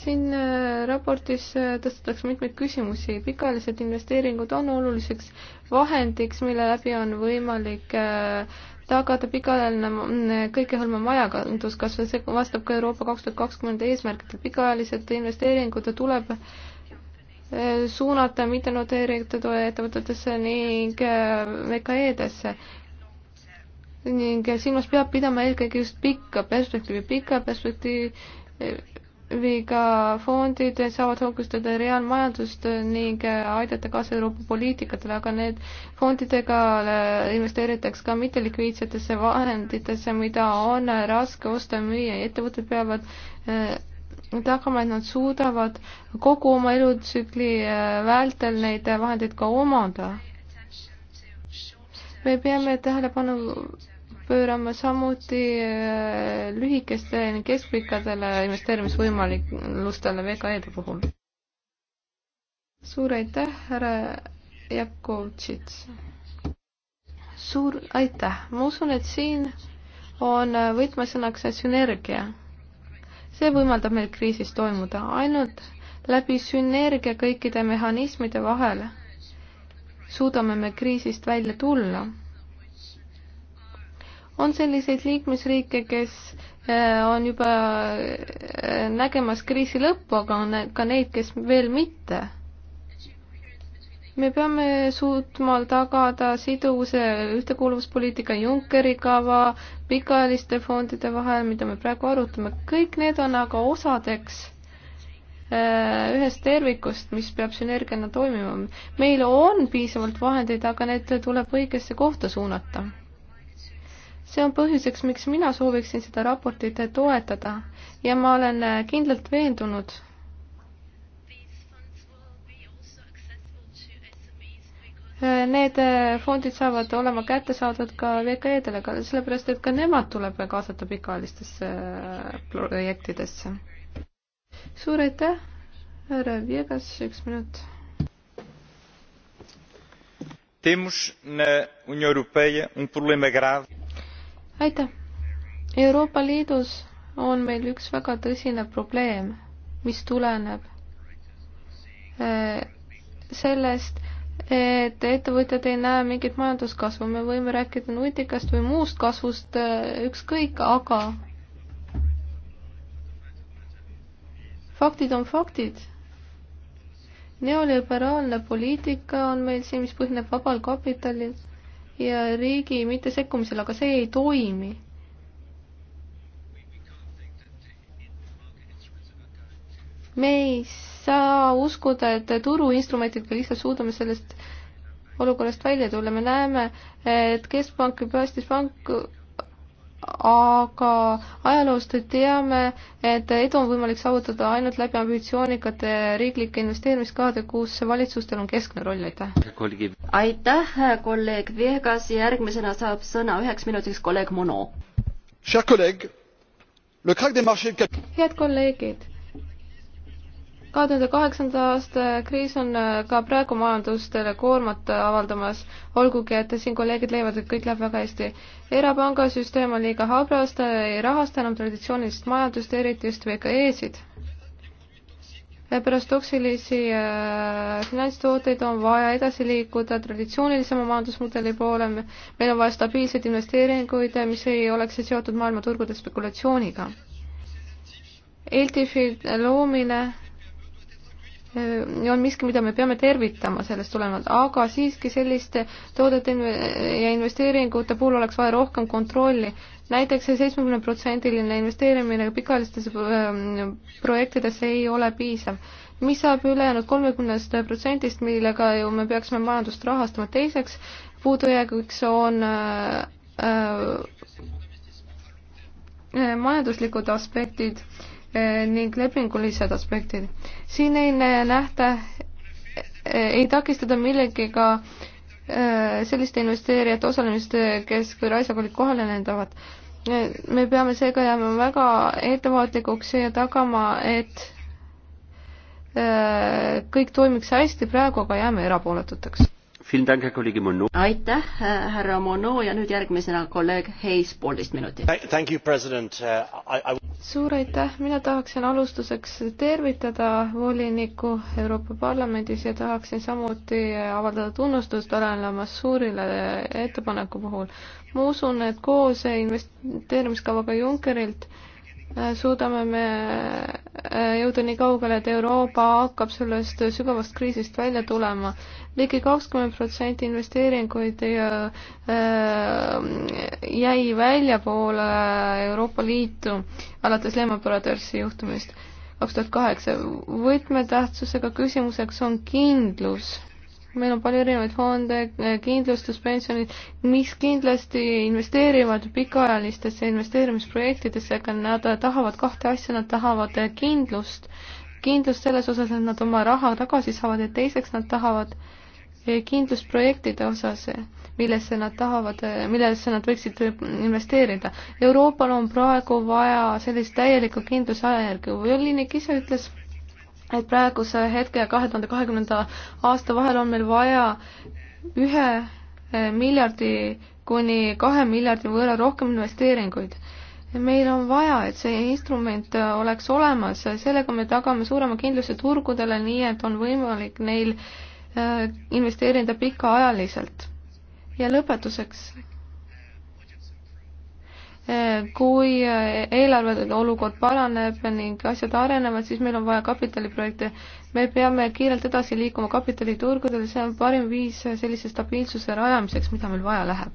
siin äh, raportis äh, tõstetakse mitmeid küsimusi. pikaajalised investeeringud on oluliseks vahendiks, mille läbi on võimalik äh, tagada pikaajaline mm, kõikehõlmav majakandus, kas või see vastab ka Euroopa kaks tuhat kakskümmend eesmärkidele. pikaajalised investeeringud tuleb suunata mittenoteeritud ettevõtetesse ning VKE-desse ning silmas peab pidama eelkõige just pikka perspektiivi, pika perspektiivi viga fondid saavad hoogustada reaalmajandust ning aidata kaasa Euroopa poliitikatele, aga need fondidega investeeritakse ka mittelikviidsetesse vahenditesse, mida on raske osta, müüa ja ettevõtted peavad eh, tagama, et nad suudavad kogu oma elutsükli eh, vältel neid vahendeid ka omada. me peame tähelepanu pöörama samuti äh, lühikestele ja keskpikkadele investeerimisvõimalustele VKE-de puhul. suur aitäh, härra Jakovtšits. suur aitäh, ma usun, et siin on võtmesõnaks sünergia. see võimaldab meil kriisis toimuda ainult läbi sünergia kõikide mehhanismide vahel suudame me kriisist välja tulla on selliseid liikmesriike, kes äh, on juba äh, nägemas kriisi lõppu, aga on ka neid, kes veel mitte. me peame suutma tagada siduvuse ühtekuuluvuspoliitika Junckeri kava pikaajaliste fondide vahel, mida me praegu arutame, kõik need on aga osadeks äh, ühest tervikust, mis peab sünergiana toimima. meil on piisavalt vahendeid, aga need tuleb õigesse kohta suunata see on põhjuseks, miks mina sooviksin seda raportit toetada ja ma olen äh, kindlalt veendunud, äh, Need äh, fondid saavad olema kättesaadavad ka VKE-dele, sellepärast et ka nemad tuleb kaasata pikaajalistesse projektidesse. suur aitäh, härra Viegas, üks minut temos na união europeia um problema grave aitäh! Euroopa Liidus on meil üks väga tõsine probleem, mis tuleneb äh, sellest, et ettevõtjad ei näe mingit majanduskasvu, me võime rääkida nutikast või muust kasvust, äh, ükskõik, aga faktid on faktid. neoliberaalne poliitika on meil siin, mis põhineb vabal kapitalil ja riigi mittesekkumisel, aga see ei toimi. me ei saa uskuda, et turuinstrumentidega lihtsalt suudame sellest olukorrast välja tulla, me näeme, et Keskpank ja Päästis Pank aga ajaloost teame, et edu on võimalik saavutada ainult läbi ambitsioonikate riiklike investeerimiskavade, kus valitsustel on keskne roll, aitäh. aitäh, kolleeg Viegas, järgmisena saab sõna üheks minutiks kolleeg Mono. head kolleegid kahe tuhande kaheksanda aasta kriis on äh, ka praegu majandustele koormat äh, avaldamas, olgugi et siin kolleegid leiavad, et kõik läheb väga hästi. erapangasüsteem on liiga habras, ta äh, ei rahasta enam traditsioonilist majandust, eriti just VKE-sid. pärast toksilisi finantstooteid on vaja edasi liikuda traditsioonilisema majandusmudeli poole, meil on vaja stabiilseid investeeringuid, mis ei oleks seotud maailmaturgude spekulatsiooniga. LTF-i loomine Äh, on miski, mida me peame tervitama sellest tulenevalt, aga siiski selliste toodete ja investeeringute puhul oleks vaja rohkem kontrolli. näiteks see seitsmekümneprotsendiline investeerimine pikaajalistesse ähm, projektidesse ei ole piisav. mis saab ülejäänud kolmekümnest protsendist, millega ju me peaksime majandust rahastama, teiseks puudujäägiks on äh, äh majanduslikud aspektid äh, Eh, ning lepingulised aspektid. siin ei nähta, eh, ei takistada millegiga eh, selliste investeerijate osalemist, kes küll asjaga olid kohale lendavad. me peame seega jääma väga ettevaatlikuks ja tagama, et kõik toimiks hästi, praegu aga jääme erapooletuteks aitäh, härra Monod ja nüüd järgmisena kolleeg Hayes, poolteist minutit. Uh, suur aitäh, mina tahaksin alustuseks tervitada volinikku Euroopa Parlamendis ja tahaksin samuti avaldada tunnustust Alain Lamassuurile ettepaneku puhul. ma usun, et koos investeerimiskavaga Junckerilt äh, Äh, suudame me äh, jõuda nii kaugele, et Euroopa hakkab sellest sügavast kriisist välja tulema. ligi kakskümmend protsenti investeeringuid äh, jäi väljapoole Euroopa Liitu alates Lehman Brothersi juhtumist kaks tuhat kaheksa. võtmetähtsusega küsimuseks on kindlus meil on palju erinevaid fonde, eh, kindlustuspensionid, mis kindlasti investeerivad pikaajalistesse investeerimisprojektidesse, aga nad tahavad kahte asja, nad tahavad eh, kindlust, kindlust selles osas, et nad oma raha tagasi saavad ja teiseks nad tahavad eh, kindlust projektide osas, millesse nad tahavad, millesse nad võiksid investeerida. Euroopal on praegu vaja sellist täielikku kindluse ajajärgu, volinik ise ütles et praeguse hetke ja kahe tuhande kahekümnenda aasta vahel on meil vaja ühe eh, miljardi kuni kahe miljardi võrra rohkem investeeringuid. meil on vaja, et see instrument eh, oleks olemas, sellega me tagame suurema kindluse turgudele, nii et on võimalik neil eh, investeerida pikaajaliselt. ja lõpetuseks kui eelarve olukord paraneb ning asjad arenevad, siis meil on vaja kapitaliprojekte. me peame kiirelt edasi liikuma kapitaliturgudel, see on parim viis sellise stabiilsuse rajamiseks, mida meil vaja läheb.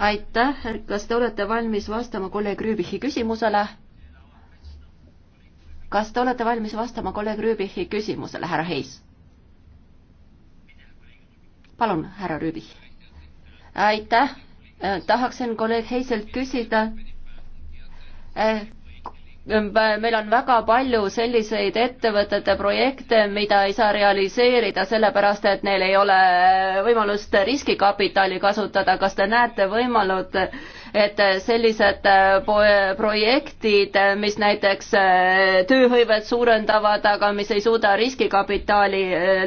aitäh, kas te olete valmis vastama kolleeg Rüübichi küsimusele? kas te olete valmis vastama kolleeg Rüübichi küsimusele, härra Heis? palun, härra Rüübich. aitäh Äh, tahaksin kolleeg Heiselt küsida. Äh, äh, meil on väga palju selliseid ettevõtete projekte, mida ei saa realiseerida sellepärast, et neil ei ole võimalust riskikapitali kasutada. kas te näete võimalust et sellised äh, projektid, äh, mis näiteks äh, tööhõivet suurendavad, aga mis ei suuda riskikapitaali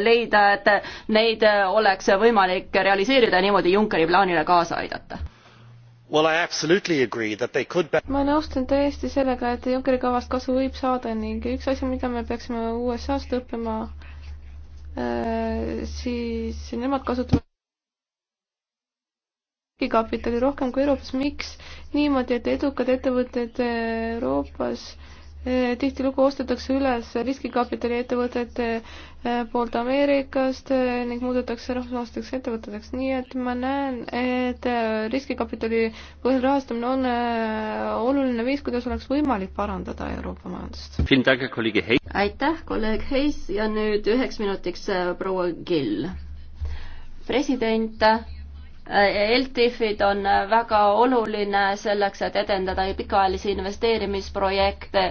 leida, et neid oleks võimalik realiseerida niimoodi Junckeri plaanile kaasa aidata Well, could... ma nõustun täiesti sellega, et Junckeri kavast kasu võib saada ning üks asi, mida me peaksime USA-st õppima, siis nemad kasutavad kapitali rohkem kui Euroopas, miks niimoodi, et edukad ettevõtted äh, Euroopas äh, tihtilugu ostetakse üles riskikapitali ettevõtete äh, poolt Ameerikast ning muudetakse rahvusvahelisteks ettevõteteks, nii et ma näen, et riskikapitali põhjal rahastamine on oluline viis, kuidas oleks võimalik parandada Euroopa majandust. aitäh, kolleeg Heis ja nüüd üheks minutiks proua Gill. president LTIF-id on väga oluline selleks, et edendada pikaajalisi investeerimisprojekte,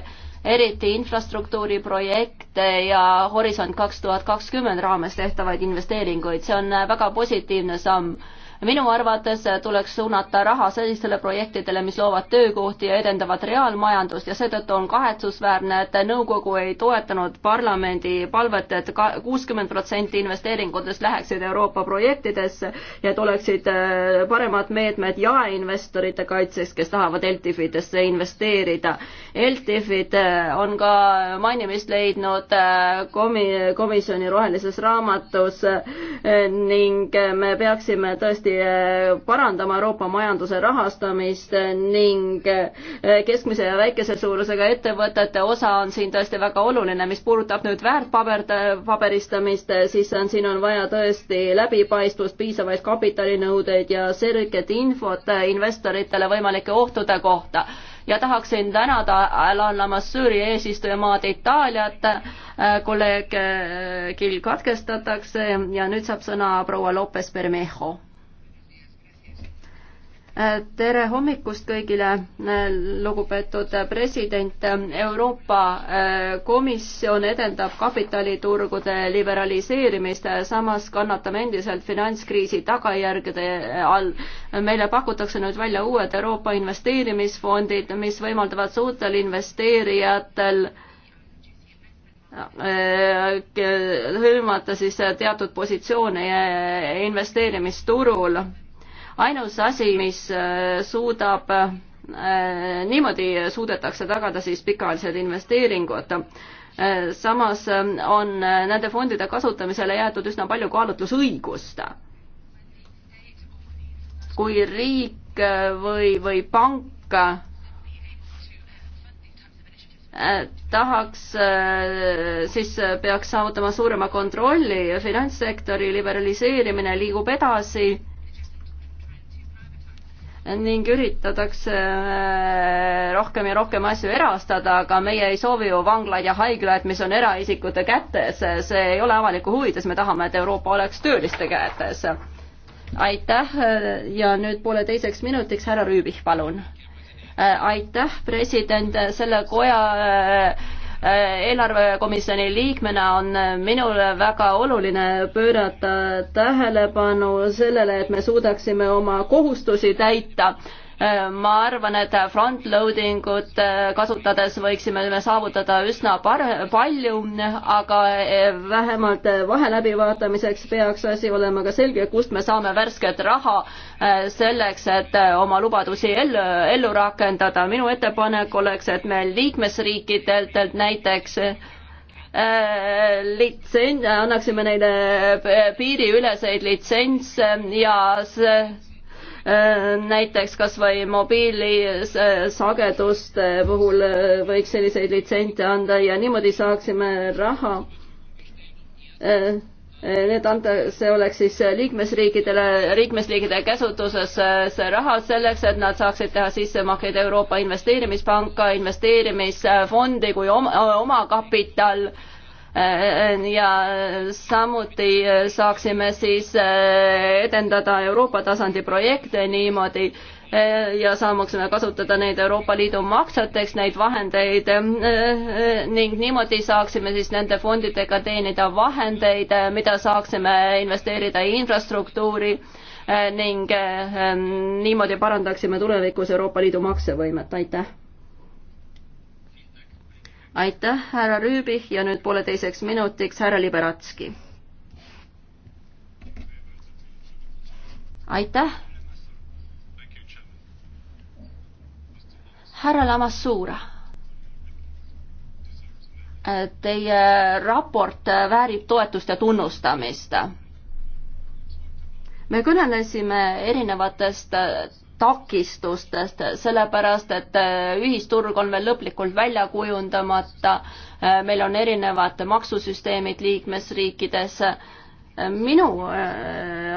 eriti infrastruktuuriprojekte ja Horisont kaks tuhat kakskümmend raames tehtavaid investeeringuid, see on väga positiivne samm minu arvates tuleks suunata raha sellistele projektidele, mis loovad töökohti ja edendavad reaalmajandust ja seetõttu on kahetsusväärne, et nõukogu ei toetanud parlamendi palvet et, et kuuskümmend protsenti investeeringutest läheksid Euroopa projektidesse ja et oleksid äh, paremad meetmed jaeinvestorite kaitseks, kes tahavad LTV-desse investeerida. LTV-d äh, on ka mainimist leidnud äh, komi-, komisjoni rohelises raamatus ning me peaksime tõesti Äh, parandama Euroopa majanduse rahastamist ning äh, keskmise ja väikese suurusega ettevõtete osa on siin tõesti väga oluline. mis puudutab nüüd väärtpaber, paberistamist, siis on, siin on vaja tõesti läbipaistvust, piisavaid kapitalinõudeid ja selget infot investoritele võimalike ohtude kohta ja tahaksin tänada Alan Lamassuuri eesistujamaad Itaaliat. Äh, kolleeg Kill katkestatakse ja nüüd saab sõna proua Lopez Bermejo tere hommikust kõigile, lugupeetud president. Euroopa eh, Komisjon edendab kapitaliturgude liberaliseerimist, samas kannatame endiselt finantskriisi tagajärgede eh, all. meile pakutakse nüüd välja uued Euroopa investeerimisfondid, mis võimaldavad suurtel investeerijatel eh, hõlmata siis teatud positsioone investeerimisturul ainus asi, mis äh, suudab äh, niimoodi suudetakse tagada siis pikaajalised investeeringud. Äh, samas on nende fondide kasutamisele jäetud üsna palju kaalutlusõigust. kui riik või, või pank tahaks, siis peaks saavutama suurema kontrolli, finantssektori liberaliseerimine liigub edasi ning üritatakse äh, rohkem ja rohkem asju erastada, aga meie ei soovi ju vanglaid ja haiglaid, mis on eraisikute kätes, see ei ole avaliku huvides, me tahame, et Euroopa oleks tööliste kätes. aitäh ja nüüd pooleteiseks minutiks härra Rüübih, palun. Äh, aitäh, president, selle koja äh, Äh, eelarvekomisjoni liikmena on äh, minul väga oluline pöörata tähelepanu sellele, et me suudaksime oma kohustusi täita ma arvan, et front-loading ut äh, kasutades võiksime me saavutada üsna par-, palju, aga äh, vähemalt äh, vahe läbivaatamiseks peaks asi olema ka selge, kust me saame värsket raha selleks, et oma lubadusi ellu, ellu rakendada. minu ettepanek oleks, et me liikmesriikidelt näiteks litsents, annaksime neile piiriüleseid litsentse ja see Äh, näiteks kas või mobiilisageduste äh, puhul äh, võiks selliseid litsente anda ja niimoodi saaksime raha. Need anda, see oleks siis liikmesriikidele, liikmesriikide käsutuses see raha selleks, et nad saaksid teha sissemakseid Euroopa Investeerimispanka, investeerimisfondi kui oma, omakapital oma ja samuti saaksime siis eh, edendada Euroopa tasandi projekte niimoodi eh, ja saaksime kasutada neid Euroopa Liidu makseteks, neid vahendeid eh, ning niimoodi saaksime siis nende fondidega teenida vahendeid, mida saaksime investeerida infrastruktuuri ning niimoodi parandaksime tulevikus Euroopa Liidu maksevõimet, aitäh aitäh, härra Rüübih ja nüüd pooleteiseks minutiks härra Liberatski. aitäh. härra Lamassuura. Teie raport väärib toetust ja tunnustamist me kõnelesime erinevatest takistustest, sellepärast et äh, ühisturg on veel lõplikult välja kujundamata, äh, meil on erinevad maksusüsteemid liikmesriikides, äh, minu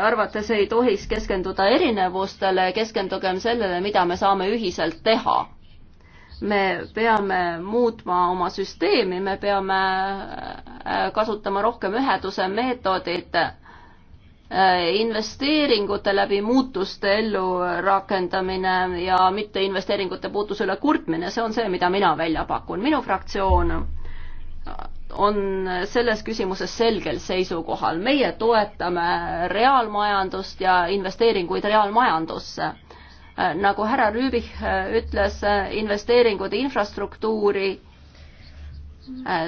arvates ei tohiks keskenduda erinevustele, keskendugem sellele, mida me saame ühiselt teha. me peame muutma oma süsteemi, me peame kasutama rohkem ühenduse meetodit Äh, investeeringute läbi muutuste ellurakendamine ja mitte investeeringute puuduse üle kurtmine, see on see, mida mina välja pakun. minu fraktsioon on selles küsimuses selgel seisukohal. meie toetame reaalmajandust ja investeeringuid reaalmajandusse. Äh, nagu härra Rüübich äh, ütles, investeeringud infrastruktuuri,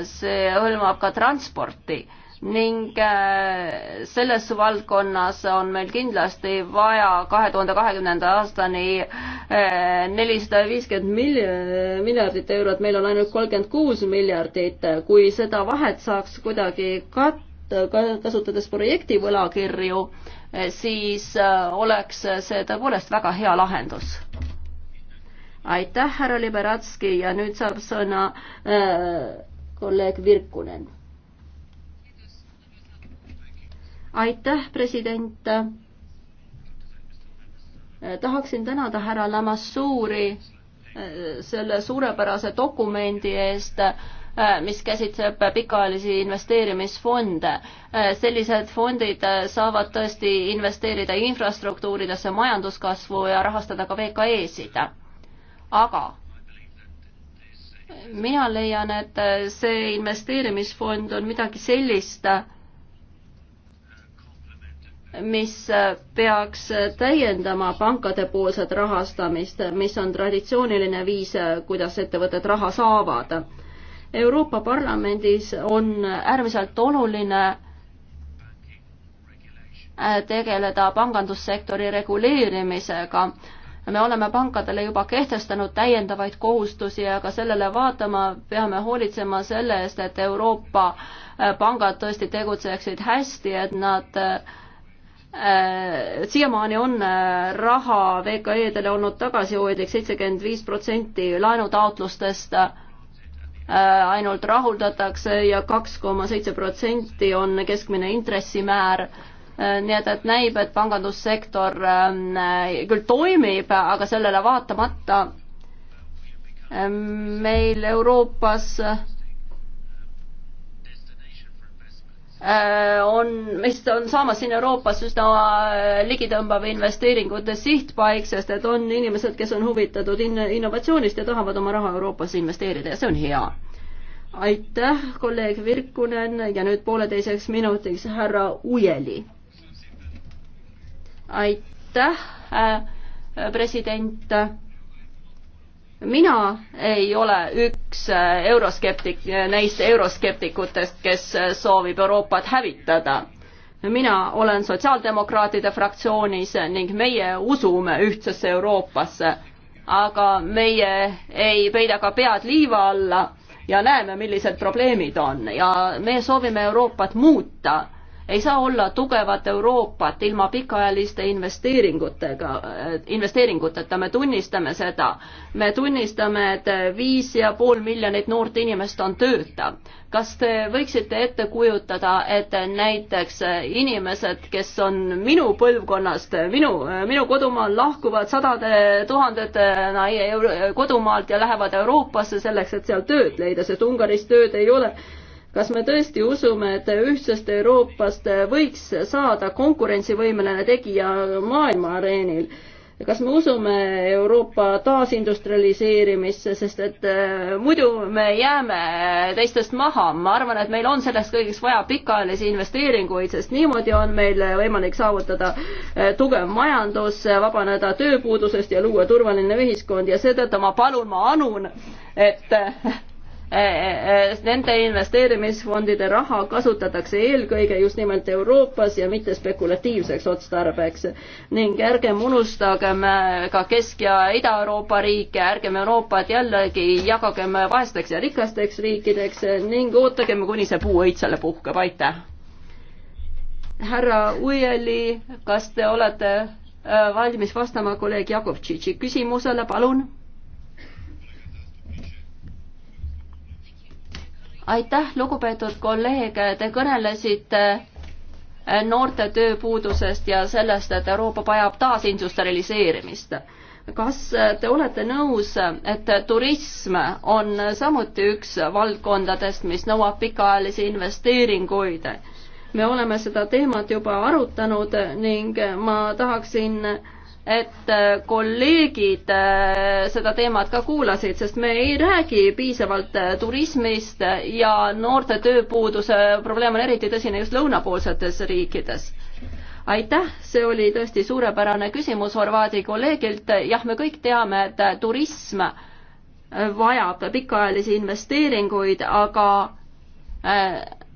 see hõlmab ka transporti ning äh, selles valdkonnas on meil kindlasti vaja kahe tuhande kahekümnenda aastani äh, nelisada viiskümmend miljardit eurot, meil on ainult kolmkümmend kuus miljardit, kui seda vahet saaks kuidagi katta, kasutades projekti võlakirju, äh, siis oleks see tõepoolest väga hea lahendus aitäh, härra Liberatski ja nüüd saab sõna äh, kolleeg Virkunen aitäh, president. Eh, tahaksin tänada härra Lamassuuri eh, selle suurepärase dokumendi eest eh, mis käsitleb pikaajalisi investeerimisfonde. sellised fondid saavad tõesti investeerida infrastruktuuridesse, majanduskasvu ja rahastada ka VKE-sid. aga mina leian, et see investeerimisfond on midagi sellist, mis äh, peaks täiendama pankade poolset rahastamist, mis on traditsiooniline viis, äh, kuidas ettevõtted raha saavad. Euroopa Parlamendis on äärmiselt oluline äh, tegeleda pangandussektori reguleerimisega. me oleme pankadele juba kehtestanud täiendavaid kohustusi, aga sellele vaatama peame hoolitsema selle eest, et Euroopa pangad tõesti tegutseksid hästi, et nad äh, Äh, siiamaani on äh, raha VKE-dele olnud tagasihoidlik, seitsekümmend viis protsenti laenutaotlustest äh, ainult rahuldatakse ja kaks koma seitse protsenti on keskmine intressimäär. nii et, et näib, et pangandussektor ähm, küll toimib, aga sellele vaatamata ähm, meil Euroopas Äh, on, mis on saamas siin Euroopas üsna äh, ligitõmbav investeeringute sihtpaik, sest et on inimesed, kes on huvitatud in-, innovatsioonist ja tahavad oma raha Euroopasse investeerida ja see on hea. aitäh, kolleeg Virkunen ja nüüd pooleteiseks minutiks härra Ujeli. aitäh, äh, president mina ei ole üks äh, euroskeptik, neist euroskeptikutest, kes äh, soovib Euroopat hävitada. mina olen sotsiaaldemokraatide fraktsioonis ning meie usume ühtsesse Euroopasse, aga meie ei peida ka pead liiva alla ja näeme, millised probleemid on ja me soovime Euroopat muuta ei saa olla tugevat Euroopat ilma pikaajaliste investeeringutega, investeeringuteta, me tunnistame seda. me tunnistame, et viis ja pool miljonit noort inimest on tööta. kas te võiksite ette kujutada, et näiteks inimesed, kes on minu põlvkonnast, minu, minu kodumaal lahkuvad sadade tuhandetena kodumaalt ja lähevad Euroopasse selleks, et seal tööd leida, sest Ungaris tööd ei ole kas me tõesti usume, et ühtsest Euroopast võiks saada konkurentsivõimeline tegija maailma areenil? kas me usume Euroopa taasindustrialiseerimisse, sest et äh, muidu me jääme teistest maha, ma arvan, et meil on selleks kõigeks vaja pikaajalisi investeeringuid, sest niimoodi on meil võimalik saavutada äh, tugev majandus, vabaneda tööpuudusest ja luua turvaline ühiskond ja seetõttu ma palun, ma anun, et *laughs* Äh, äh, äh, nende investeerimisfondide raha kasutatakse eelkõige just nimelt Euroopas ja mitte spekulatiivseks otstarbeks. ning ärgem unustagem ka Kesk- ja Ida-Euroopa riike, ärgem Euroopat jällegi jagagem vaesteks ja rikasteks riikideks ning ootagem, kuni see puu õitsele puhkeb, aitäh! härra Uieli, kas te olete valmis vastama kolleeg Jakov Tšitši küsimusele, palun? aitäh, lugupeetud kolleeg, te kõnelesite eh, noorte tööpuudusest ja sellest, et Euroopa vajab taasindustrialiseerimist. kas eh, te olete nõus, et turism on samuti üks valdkondadest, mis nõuab pikaajalisi investeeringuid? me oleme seda teemat juba arutanud ning ma tahaksin et äh, kolleegid äh, seda teemat ka kuulasid, sest me ei räägi piisavalt äh, turismist ja noorte tööpuuduse probleem on eriti tõsine just lõunapoolsetes riikides. aitäh, see oli tõesti suurepärane küsimus Horvaadi kolleegilt, jah, me kõik teame, et turism vajab pikaajalisi investeeringuid, aga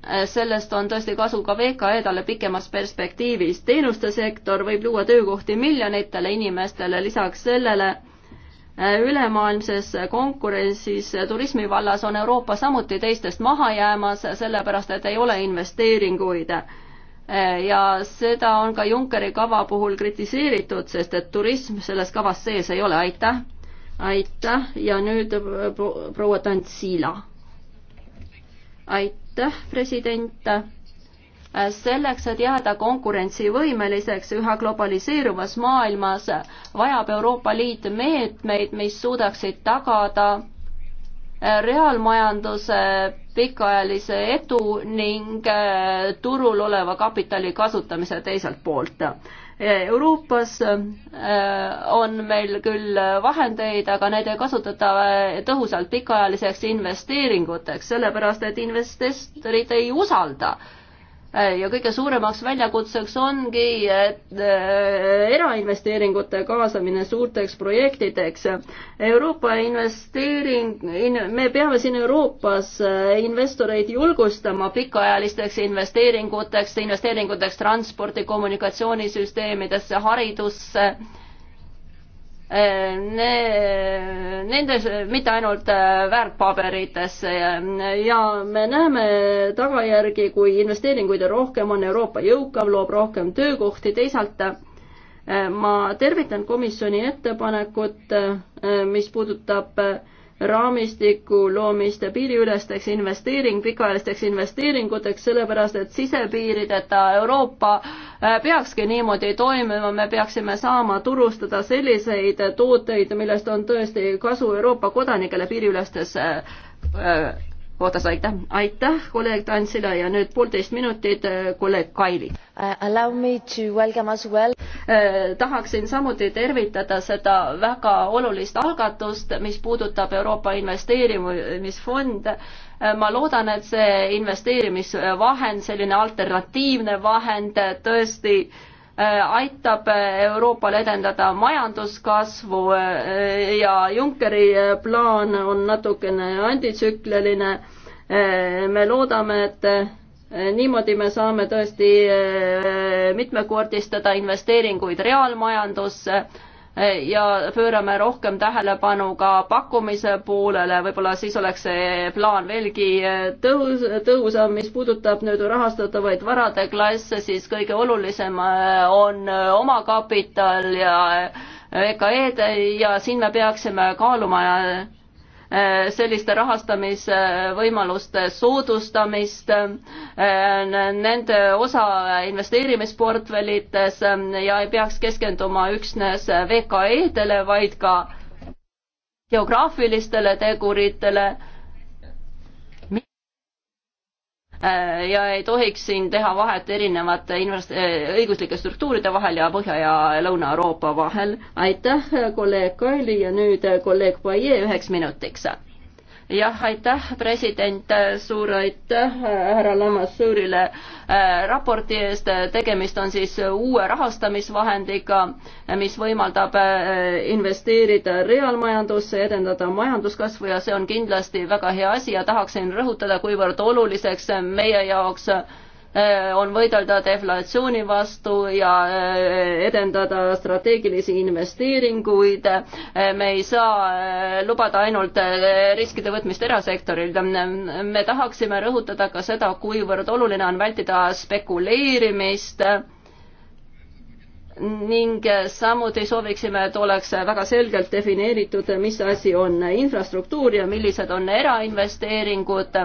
Äh, sellest on tõesti kasu ka VKE-dele pikemas perspektiivis. teenuste sektor võib luua töökohti miljonitele inimestele, lisaks sellele äh, ülemaailmses konkurentsis turismi vallas on Euroopa samuti teistest maha jäämas, sellepärast et ei ole investeeringuid. Äh, ja seda on ka Junckeri kava puhul kritiseeritud, sest et turism selles kavas sees ei ole, aitäh. aitäh ja nüüd proua Tantsila. aitäh aitäh, president. selleks, et jääda konkurentsivõimeliseks üha globaliseeruvas maailmas, vajab Euroopa Liit meetmeid, mis suudaksid tagada reaalmajanduse pikaajalise edu ning turul oleva kapitali kasutamise teiselt poolt Euroopas äh, on meil küll vahendeid, aga need ei kasutata tõhusalt pikaajaliseks investeeringuteks, sellepärast et investorid ei usalda äh, Äh, ja kõige suuremaks väljakutseks ongi äh, erainvesteeringute kaasamine suurteks projektideks. Euroopa investeering in,, me peame siin Euroopas äh, investoreid julgustama pikaajalisteks investeeringuteks, investeeringuteks transpordi, kommunikatsioonisüsteemidesse, haridusse ne-, nendes, mitte ainult äh, väärtpaberitesse äh, ja me näeme tagajärgi, kui investeeringuid on rohkem, on Euroopa jõukam, loob rohkem töökohti, teisalt äh, ma tervitan komisjoni ettepanekut, mis puudutab äh, raamistiku loomist piiriülesteks investeering, pikaajalisteks investeeringuteks, sellepärast et sisepiirideta Euroopa äh, peakski niimoodi toimima, me peaksime saama turustada selliseid tooteid, millest on tõesti kasu Euroopa kodanikele piiriülestes äh, ootas, aitäh, aitäh kolleeg Tantsile ja nüüd poolteist minutit äh, kolleeg Kaili uh,. Allow me to welcome as well uh,. tahaksin samuti tervitada seda väga olulist algatust, mis puudutab Euroopa Investeerimisfonde. ma loodan, et see investeerimisvahend, selline alternatiivne vahend tõesti uh, Äh, aitab äh, Euroopal edendada majanduskasvu äh, ja Junckeri plaan on natukene antitsükliline. me loodame, et niimoodi me saame tõesti mitmekordistada investeeringuid reaalmajandusse ja pöörame rohkem tähelepanu ka pakkumise poolele, võib-olla siis oleks see plaan veelgi eh, tõhus, tõhusam, mis puudutab nüüd rahastatavaid varade klasse, siis kõige olulisem eh, on eh, omakapital ja EKE-d e ja siin me peaksime kaaluma Äh, selliste rahastamisvõimaluste soodustamist, äh, nende osa investeerimisportfellites ähm, ja ei peaks keskenduma üksnes VKE-dele, vaid ka geograafilistele teguritele Äh, ja ei tohiks siin teha vahet erinevate invest-, äh, õiguslike struktuuride vahel ja Põhja- ja Lõuna-Euroopa vahel. aitäh, kolleeg Kaili ja nüüd äh, kolleeg Poirier üheks minutiks jah, aitäh, president, suur aitäh härra Lamassuurile äh, raporti eest, tegemist on siis uue rahastamisvahendiga, mis võimaldab äh, investeerida reaalmajandusse, edendada majanduskasvu ja see on kindlasti väga hea asi ja tahaksin rõhutada, kuivõrd oluliseks meie jaoks äh, Äh, on võidelda deflatsiooni vastu ja äh, edendada strateegilisi investeeringuid. Äh, me ei saa lubada ainult riskide võtmist erasektoril. me tahaksime rõhutada ka seda, kuivõrd oluline on vältida spekuleerimist ning samuti sooviksime, et oleks väga selgelt defineeritud, mis asi on infrastruktuur ja millised on erainvesteeringud.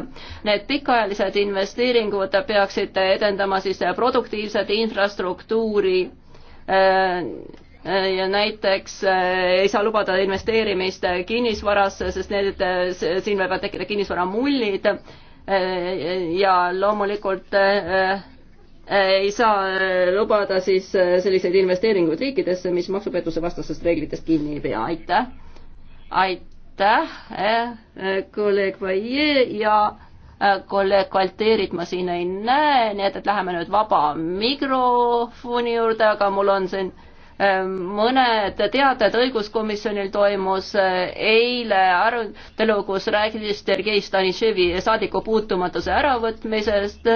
Need pikaajalised investeeringud peaksid edendama siis produktiivset infrastruktuuri ja näiteks eh, ei saa lubada investeerimist kinnisvarasse, sest need, siin võivad tekkida kinnisvaramullid eh, ja loomulikult eh, ei saa äh, lubada siis äh, selliseid investeeringuid riikidesse, mis maksupettuse vastastest reeglitest kinni ei pea, aitäh. aitäh eh,, kolleeg Vaie ja kolleeg Valteerit ma siin ei näe, nii et, et läheme nüüd vaba mikrofoni juurde, aga mul on siin mõned teated õiguskomisjonil toimus eile arutelu, kus räägiti Sergei Stanishevi saadikupuutumatuse äravõtmisest.